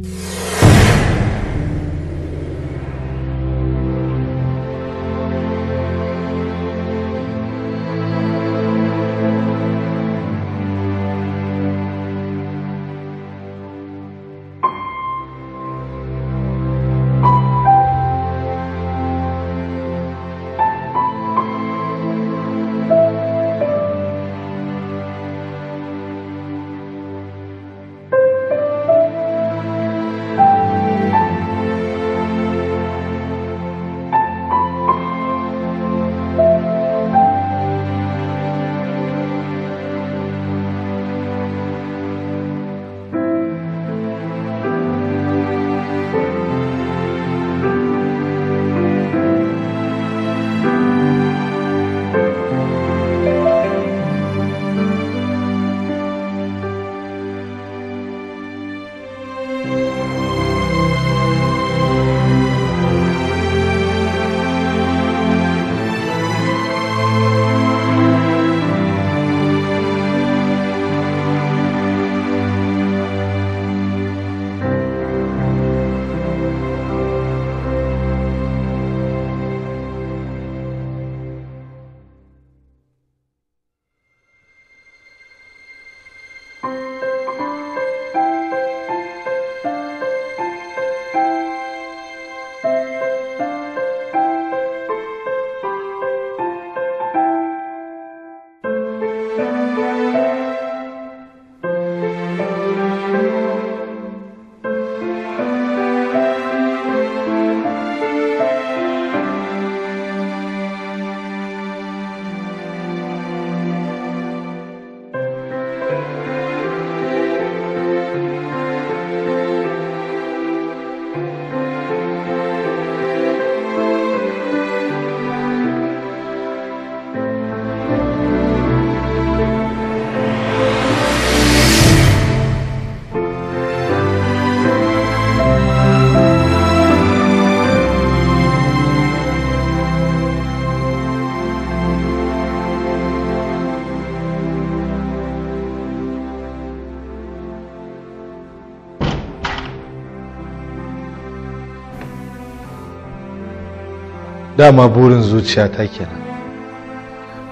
dama burin zuciya ta kenan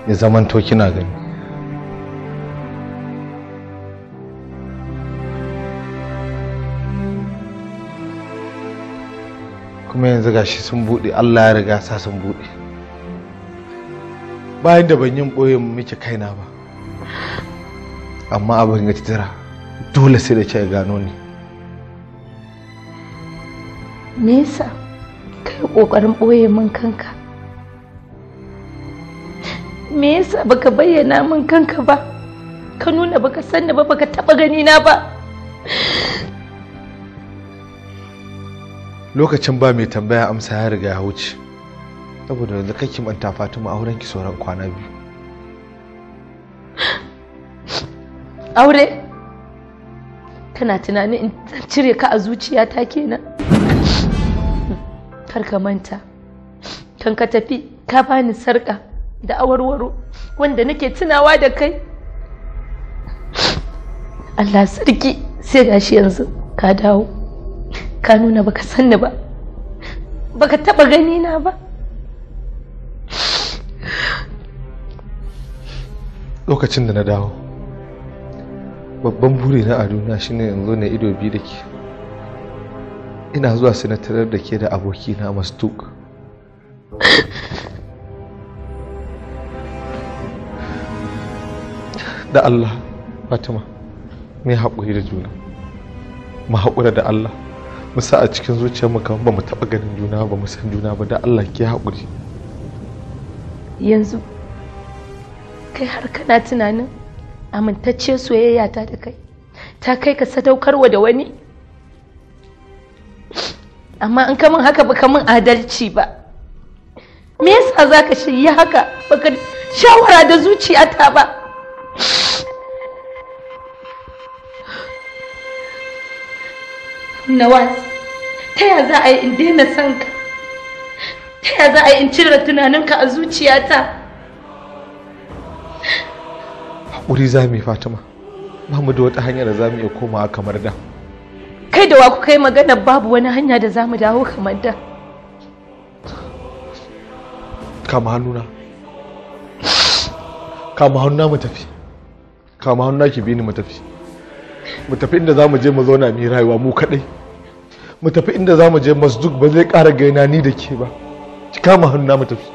ya to kina gani kuma yanzu gashi sun buɗe allah ya riga sa sun buɗe bayan da ban yin ɓoye miki kaina ba amma abin ga tira dole sai da ke gano ni me yi ƙoƙarin ɓoye min kanka me yasa baka bayyana min kanka ba ka nuna baka sanna ba baka taɓa ganina ba lokacin ba mai tambaya amsa ya riga ya wuce saboda yanzu kake manta fatima auren ki sauran kwana biyu aure kana tunanin in cire ka a zuciyata kenan ka manta kan ka tafi ka bani sarƙa da awarwaro wanda nake tunawa da kai Allah sarki sai gashi yanzu ka dawo ka nuna baka sanni ba baka taba gani na ba lokacin da na dawo babban burina a duniya shine yanzu ne ido biyu da ke ina zuwa sinatarar da ke da abokina mastuk da allah fatima mai haƙuri da juna mu haƙura da allah mu sa a cikin zuciyarmu kamar ba mu taɓa ganin juna ba mu san juna ba da allah ke haƙuri yanzu kai har kana tunanin amintacce soyayya ta da kai ta kai ka sadaukarwa da wani amma in kamun haka ba kamun adalci ba me yasa za ka shirya haka ba ka shawara da zuciyata ba nawaz ta ya za a yi in daina son ka ta ya za a yi in cire tunaninka a zuciyata haƙuri za mu yi fatima ba mu da wata hanyar da za mu iya komawa kamar da kai da wa ku kai magana babu wani hanya da za mu dawo kamar da kama hannuna kama hannuna mu tafi kama hannuna ki bi ni mu tafi mu tafi inda za mu je mu zauna mu rayuwa mu kadai mu tafi inda za mu je masjid ba zai ƙara gaina ni da ke ba ki kama hannuna mu tafi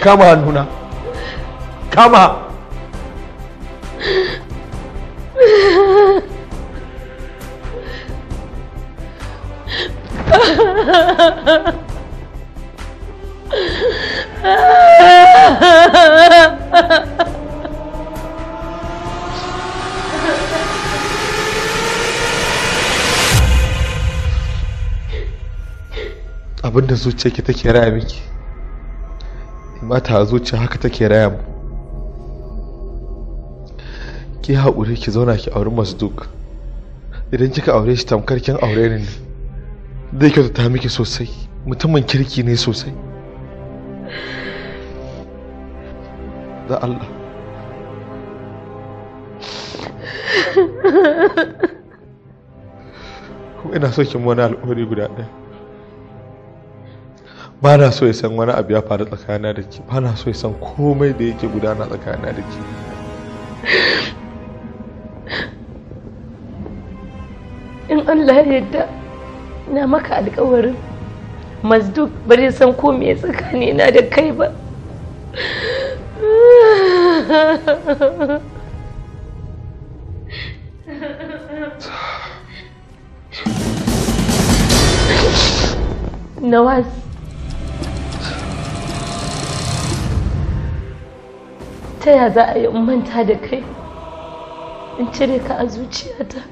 kama hannuna kama abinda zuciyarki take raya miki mata a zuciya haka take raya mu ki haƙuri ki zauna ki auri masu duk idan kika aure shi tamkar kin aure ni zai kyautata miki sosai mutumin kirki ne sosai da Allah ko ina so kin wani alƙawari guda ɗaya ba na so ya san wani abu ya faru tsakanin da ke ba na so ya san komai da yake gudana tsakanin da ke in Allah ya yarda na maka alkawarin mazduk ba zai san ko me tsakani na da kai ba Nawaz ta ya za a yi manta da kai in cire ka a zuciyata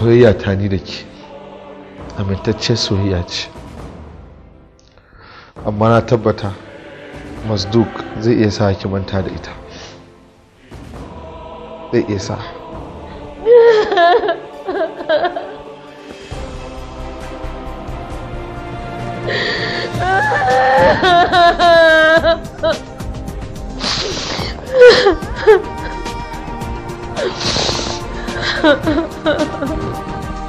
soyayya ta ni da ke amintacciyar soyayya ce amma na tabbata masduk zai iya sa ki manta da ita zai iya sa Ha ha ha ha.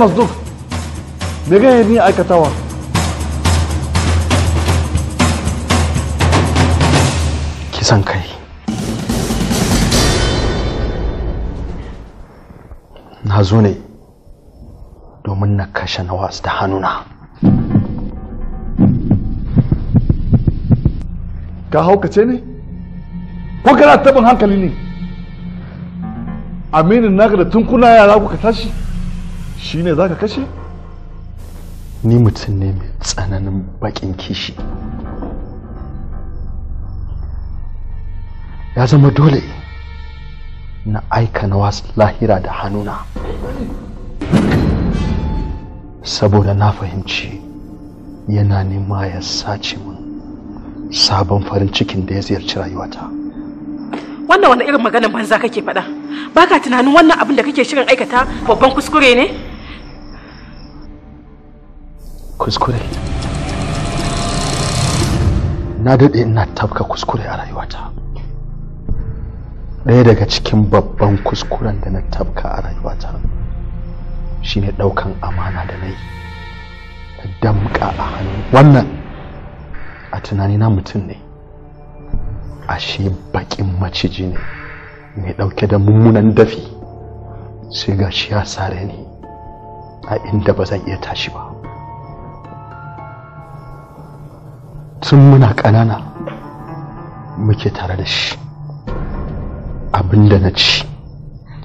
masduk menene ni aikatawa kisan kai na zo ne domin na kashe nawas da hannuna ka haukace ne ko kana tabin hankali ne aminin naka da tun kuna yara ka tashi shi ne za ka kashe? ni mutum ne mai tsananin bakin kishi ya zama dole na aika na wasu lahira da hannuna saboda na fahimci yana nema ya sace mun sabon farin cikin da ya ziyarci rayuwata wannan wani irin maganar banza kake faɗa baka tunanin wannan abin da kake shirin aikata babban kuskure ne? kuskure na daɗe ina tafka kuskure a rayuwata ɗaya daga cikin babban kuskuren da na tafka a rayuwata shine ɗaukan amana da na yi da damƙa a hannu wannan a tunani na mutum ne ashe baƙin maciji ne mai ɗauke da mummunan dafi sai ga ya sare ni a inda ba zan iya tashi ba tun muna ƙanana muke tare da shi abinda na ci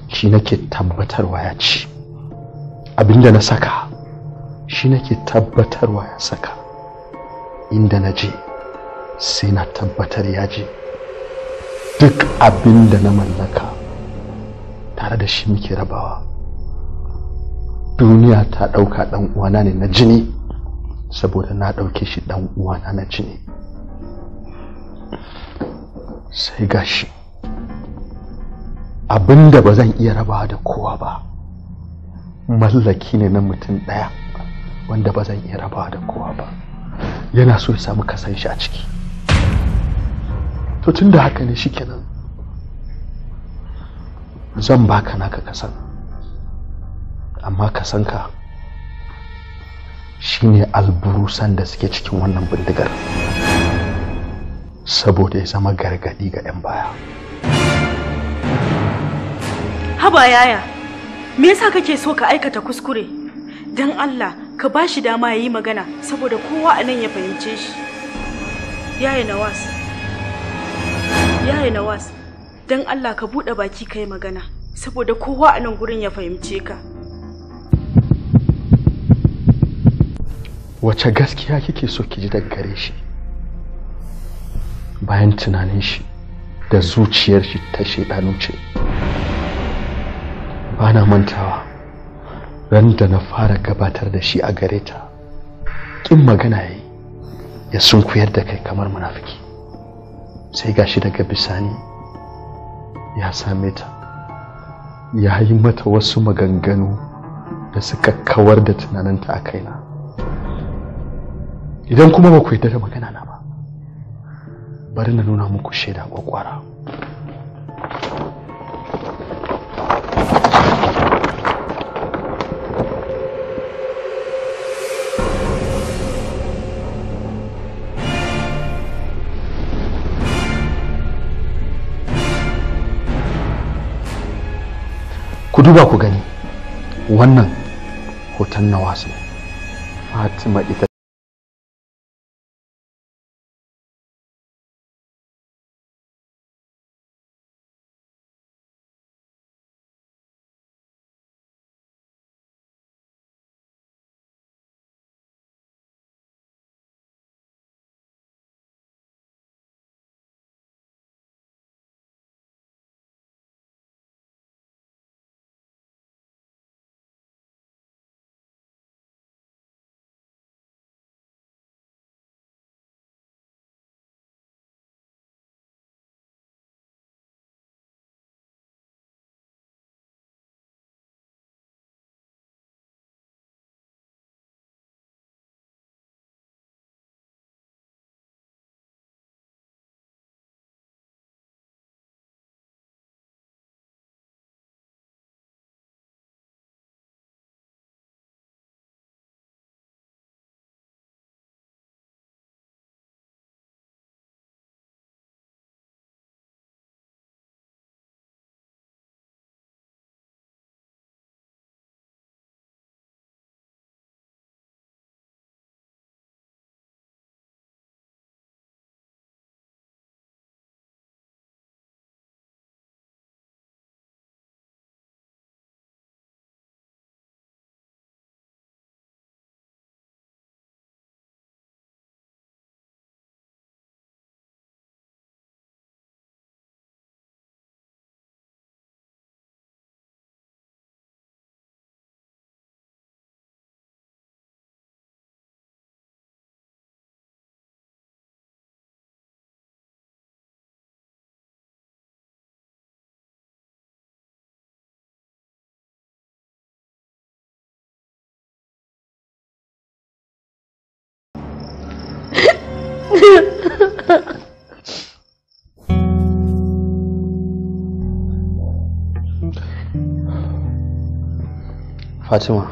shi nake tabbatarwa ya ci abinda na saka shi nake tabbatarwa ya saka inda na je sai na tabbatar ya je duk abinda na mallaka tare da shi muke rabawa duniya ta ɗauka ɗan uwana ne na jini saboda na ɗauke shi ɗan uwana na ci ne, sai gashi abinda ba zan iya raba da kowa ba mallaki ne na mutum ɗaya wanda ba zan iya raba da kowa ba yana so ya samu kasan shi a ciki to tun da haka ne shikenan zan baka naka kasan amma kasanka shine alburusan da suke cikin wannan bindigar saboda ya zama gargadi ga 'yan baya haba yaya me yasa kake so ka aikata kuskure don allah ka ba shi dama ya yi magana saboda kowa a nan ya fahimce shi yaya nawas yaya nawas don allah ka buɗe baki ka yi magana saboda kowa a nan gurin ya fahimce ka wace gaskiya kike so ki ji daga gare shi bayan tunanin shi da zuciyar shi ta shaidanu ce ba na mantawa ran da na fara gabatar da shi a gare ta kin magana ya yi ya sunkuyar da kai kamar munafiki sai gashi daga bisani ya same ta ya yi mata wasu maganganu da suka kawar da tunaninta a kaina idan kuma ba ku yi da magana na ba bari na nuna muku shaida kwakwara ku duba ku gani wannan hoton na wasu fatima ita fatima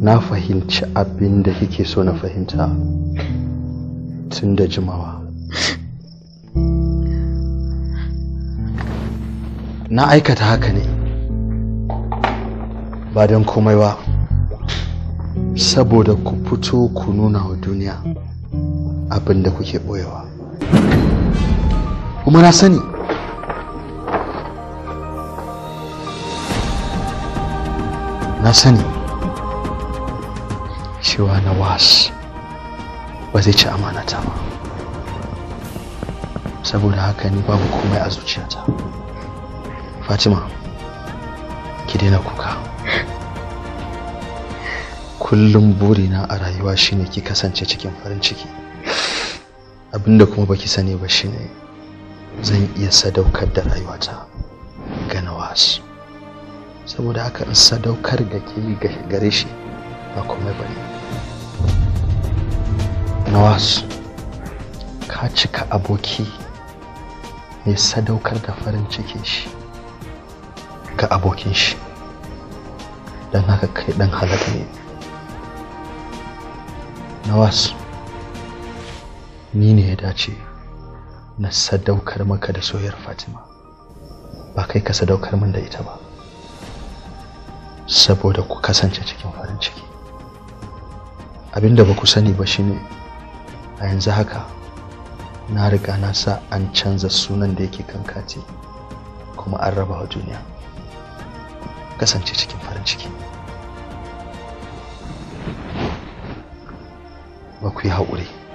na fahimci abin da kike so na fahimta tun da jimawa na aikata haka ne ba don komai ba saboda ku fito ku nuna wa duniya abin da kuke boyewa kuma na sani na sani cewa na was ba zai ci amanata ba saboda haka ni babu komai a zuciyata fatima ki daina kuka kullum burina a rayuwa shine ki kasance cikin farin ciki abinda kuma baki sani ba shine zan iya sadaukar da rayuwata ga wasu. saboda haka in sadaukar ga ke yi gare shi ba komai ba ne nawas ka cika aboki mai sadaukar da farin cikin shi ga abokin shi don haka kai dan halatta ne nawas ni ne ya dace na sadaukar maka da soyar fatima ba kai ka sadaukar min da ita ba saboda ku kasance cikin farin ciki abinda ba ku sani ba shine a yanzu haka na riga na sa an canza sunan da yake kan kati kuma an raba wa duniya kasance cikin farin ciki ba ku yi haƙuri